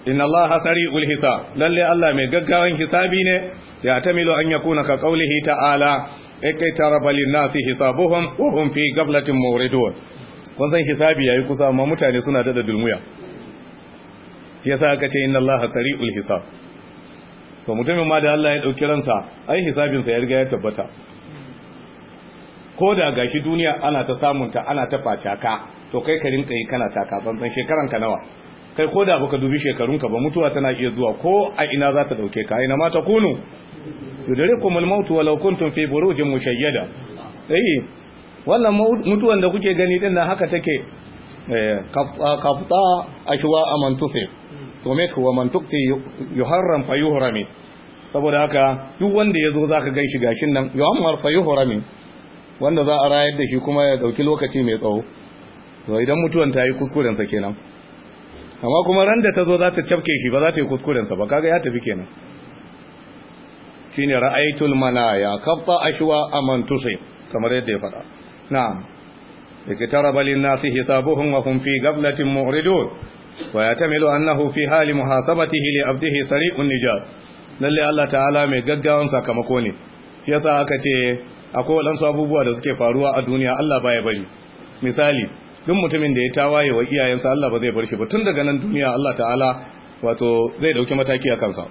inna Allah sari'ul hisab lalle Allah mai gaggawan hisabi ne ya tamilu an yakuna ka qaulihi ta'ala ikaitaraba linnasi hisabuhum wa hum fi ghaflatin muridun kun san hisabi yayi kusa amma mutane suna da dulmuya yasa aka ce inna allaha sari'ul hisab to mutumin ma da Allah ya dauki ransa ai hisabinsa ya riga ya tabbata ko da gashi duniya ana ta samunta ana ta facaka to kai ka rinka yi kana taka shekaran ka nawa kai ko da baka dubi shekarun ka ba mutuwa tana iya zuwa ko a ina za ta dauke ka ina ma ta kunu yudrikumul mautu walau kuntum fi burujin mushayyada eh wannan mutuwan da kuke gani din nan haka take eh, kafta ashwa amantusif tumitu wa man tukti yuharram fa yuhrami saboda haka duk wanda yazo zaka gan shi gashin nan yuhammar fa yuhrami wanda za a rayar da shi kuma ya dauki lokaci mai tsawo to idan mutuwan ta yi kuskuren sa kenan amma kuma ran da ta zo za ta cafke shi ba za ta yi kuskuren sa ba kaga ya tafi kenan shine ra'aytul manaya kafta ashwa aman tusib kamar yadda ya faɗa na'am ikitaraba lin nasi hisabuhum wa hum fi ghaflatin mu'ridun ويعتمد أنه في حال محاسبته لعبده سريع النجاة lalle Allah ta'ala mai gaggawan sakamako ne shi yasa aka ce akwai waɗansu abubuwa da suke faruwa a duniya Allah baya bari misali duk mutumin da ya tawaye wa iyayensa Allah ba zai bar shi ba tun daga nan duniya Allah ta'ala wato zai dauki mataki a kansa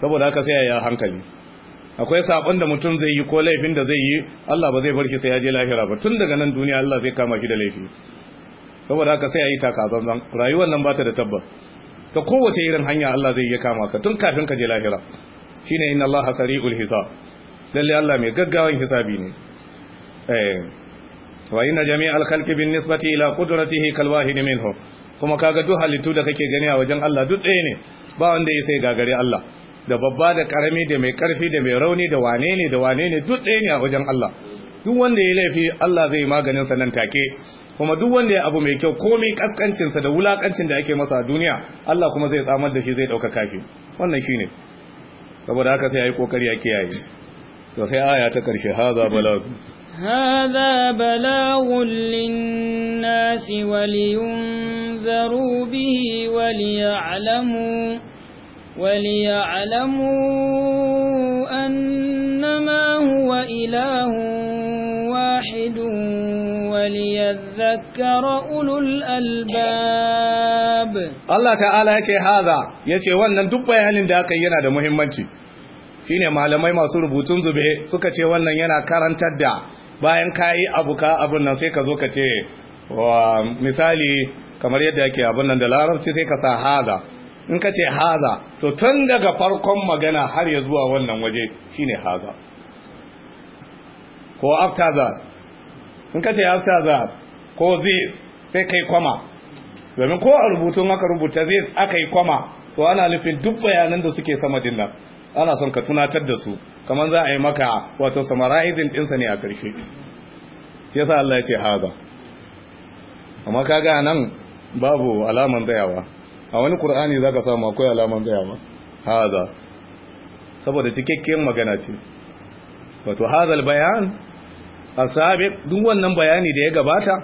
saboda haka sai ya hankali akwai sabon da mutum zai yi ko laifin da zai yi Allah ba zai bar shi sai ya je lahira ba tun daga nan duniya Allah zai kama shi da laifi saboda haka sai a yi takazanzan rayuwar nan ba ta da tabbas ta kowace irin hanya Allah zai iya kama ka tun kafin ka je lahira Shi ne inna Allah sari'ul hisab lalle Allah mai gaggawan hisabi ne eh. wa inna jami'al khalqi bin nisbati ila qudratihi kal wahid minhum kuma kaga duk halittu da kake gani a wajen Allah duk ɗaya ne ba wanda ya sai gagare Allah da babba da karami da mai karfi da mai rauni da wane ne da wane ne duk ɗaya ne a wajen Allah duk wanda ya laifi Allah zai maganin sa nan take kuma duk wanda ya abu mai kyau komai kaskancinsa da wulakancin da ake masa a duniya Allah kuma zai tsamar da shi zai ɗauka kashi. wannan ne. saboda haka sai ayi kokari ya kiyaye to sai aya ta karshe haza balag هذا بلاغ للناس ولينذروا به وليعلموا وليعلموا أنما هو إله وليذكر allah ta'ala الله تعالى yace wannan duk bayanin da aka yi yana دا مهمانتي shine malamai masu rubutun zube suka ce wannan yana karantar da bayan kayi abu ka abun nan sai ka zo ka ce wa misali kamar yadda ake abun nan da larabci sai ka sa haza in ka ce haza to tun daga farkon magana har ya zuwa wannan waje shine haza ko after that in ka ce after za ko zai sai kai kwama domin ko a rubutu aka rubuta zai aka yi kwama to ana nufin duk bayanan da suke sama dinnan ana son ka tunatar da su kamar za a yi maka wato izin ɗinsa ne a ƙarshe shi sa Allah ya ce haza amma kaga nan babu alaman tsayawa a wani za zaka samu akwai alaman tsayawa haza saboda cikakken magana ce wato hazal bayan a sabiq duk wannan bayani da ya gabata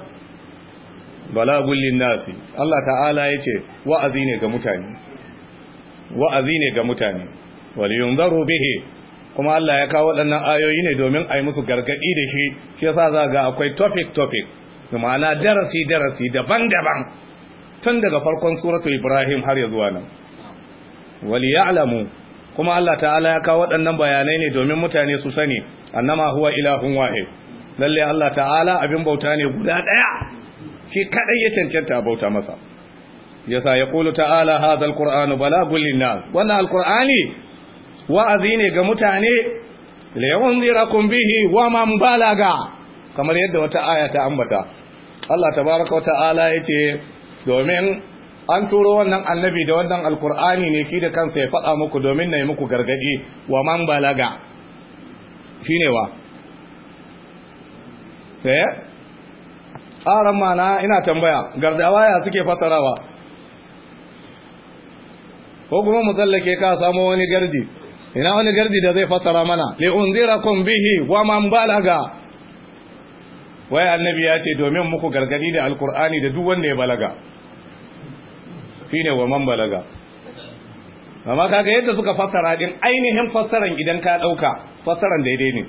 balagul nasi. Allah ta'ala yace wa'azi ne ga mutane wa'azi ne ga mutane yunzaru bihi kuma Allah ya kawo waɗannan ayoyi ne domin a musu gargadi da shi shi yasa za ga akwai topic topic da ma'ana darasi darasi daban-daban tun daga farkon suratu Ibrahim har ya zuwa nan ya'lamu kuma Allah ta'ala ya kawo waɗannan bayanai ne domin mutane su sani annama huwa ilahun wahid lalle Allah ta'ala abin bauta ne guda daya shi kadai ya cancanta bauta masa yasa ya kulu ta'ala hadha alqur'anu balagun linnas wannan alqur'ani wa'azi ne ga mutane la yunzirakum bihi wa man balaga kamar yadda wata aya ta ambata Allah tabaaraka wa ta'ala yace domin an turo wannan annabi da wannan alqur'ani ne shi da kansa ya faɗa muku domin nayi muku gargadi wa man balaga shine wa eh mana ina tambaya gardawa ya suke fasarawa ko kuma mu tsallake ka samu wani garji? ina wani garji da zai fasara mana li unzirakum bihi wa man balaga wai annabi ya ce domin muku gargadi da alkur'ani da duk wanda ya balaga shine wa man balaga amma kaga yadda suka fasara din ainihin fasaran idan ka dauka fasaran daidai ne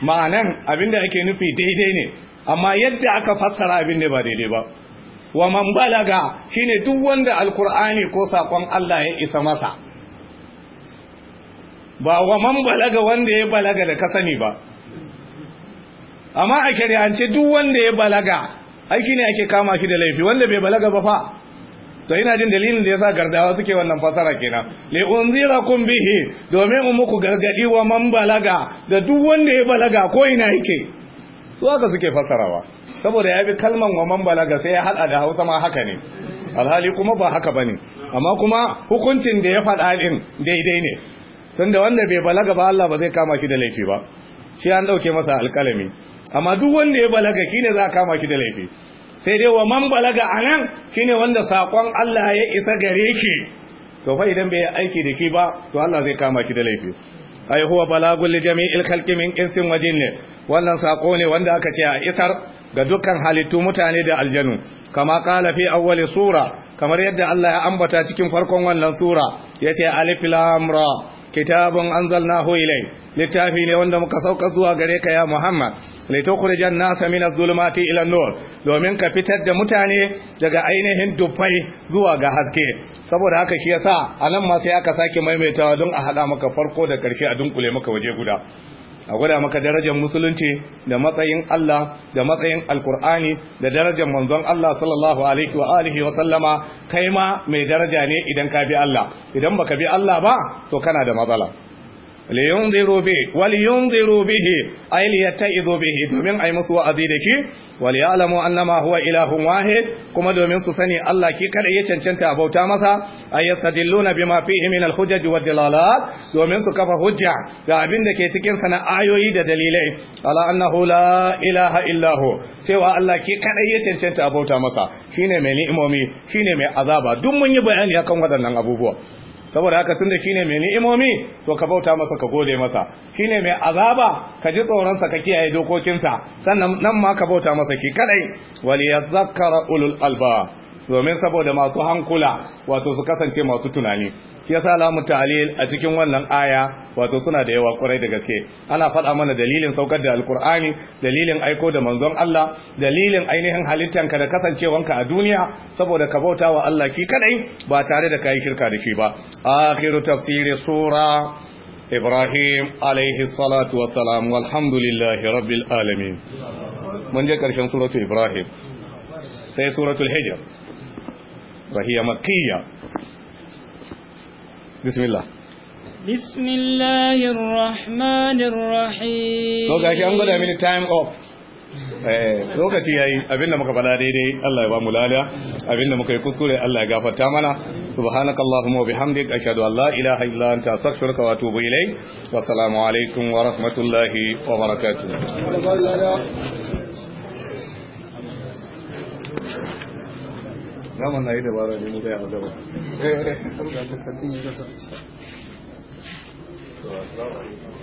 ma'anan abin da ake nufi daidai ne amma yadda aka fassara abin ne ba daidai ba wa man balaga shine duk wanda alkur'ani ko sakon Allah ya isa masa ba wa man balaga wanda ya balaga da kasani ba amma a shari'ance duk wanda ya balaga ai shine ake kama shi da laifi wanda bai balaga ba fa to ina jin dalilin da yasa gardawa suke wannan fasara kenan li unzirakum bihi domin in muku gargadi wa man balaga da duk wanda ya balaga ko ina yake su haka suke fasarawa saboda ya bi kalman wa man balaga sai ya hada da Hausa ma haka ne alhali kuma ba haka bane amma kuma hukuncin da ya faɗa din daidai ne tunda wanda bai balaga ba Allah ba zai kama shi da laifi ba shi an dauke masa alkalami amma duk wanda ya balaga kine za a kama shi da laifi sai dai wa man balaga anan ne wanda sakon Allah ya isa gare shi to fa idan bai aiki da ki ba to Allah zai kama ki da laifi ay huwa balagul li jami'il khalqi min insin wa jinni wannan saƙo ne wanda aka ce a isar ga dukkan halittu mutane da aljanu kama qala fi awwali sura kamar yadda Allah ya ambata cikin farkon wannan sura yace alif lam ra kitabun anzalnahu ilai littafi ne wanda muka sauka zuwa gare ka ya Muhammad litukhrijan nasa min adh-dhulumati ila an-nur domin ka fitar da mutane daga ainihin dufai zuwa ga haske saboda haka shi yasa anan ma sai aka sake maimaitawa don a hada maka farko da karshe a dunkule maka waje guda a gwada maka darajar musulunci da matsayin Allah da matsayin alkur'ani da darajar manzon Allah sallallahu alaihi wa alihi wa sallama kai ma mai daraja ne idan ka bi Allah idan baka bi Allah ba to kana da matsala liyunziru bi wal yunziru bihi ay liyattaizu bihi domin ay musu wa'azi da ki wal ya'lamu annama huwa ilahun wahid kuma domin su sani Allah ki kada ya cancanta a bauta masa ay yastadilluna bima fihi min al hujaj wad domin su kafa hujja da abin da ke cikin sana'ayoyi da dalilai ala annahu la ilaha illa cewa Allah ki kada ya cancanta a bauta masa shine mai ni'imomi shine mai azaba duk mun yi bayani akan waɗannan abubuwa saboda haka tunda shine mai ni'imomi to ka bauta masa ka gode masa shine mai azaba ka ji tsoron sa ka kiyaye dokokinsa sannan nan ma ka bauta masa ki kadai wali yadhakkara ulul alba domin saboda masu hankula wato su kasance masu tunani shi yasa lamu ta'lil a cikin wannan aya wato suna da yawa kurai da gaske ana faɗa mana dalilin saukar da alkur'ani dalilin aiko da manzon Allah dalilin ainihin halittanka da kasancewanka a duniya saboda ka bauta wa Allah ki kadai ba tare da kai shirka da shi ba akhiru tafsiri sura ibrahim alaihi salatu wassalam walhamdulillahi rabbil alamin mun je karshen suratul ibrahim sai suratul hijr وهي مكية بسم الله بسم الله الرحمن الرحيم لو أنقل التايم أوف lokaci abinda muka fada daidai Allah ya ba mu lada abinda muka yi kuskure Allah ya gafarta mana subhanakallahumma wa bihamdik ashhadu an la ilaha illa anta astaghfiruka wa atubu ilayk wa assalamu alaikum wa rahmatullahi wa barakatuh Nama na ide da ni muda ya dobro. E,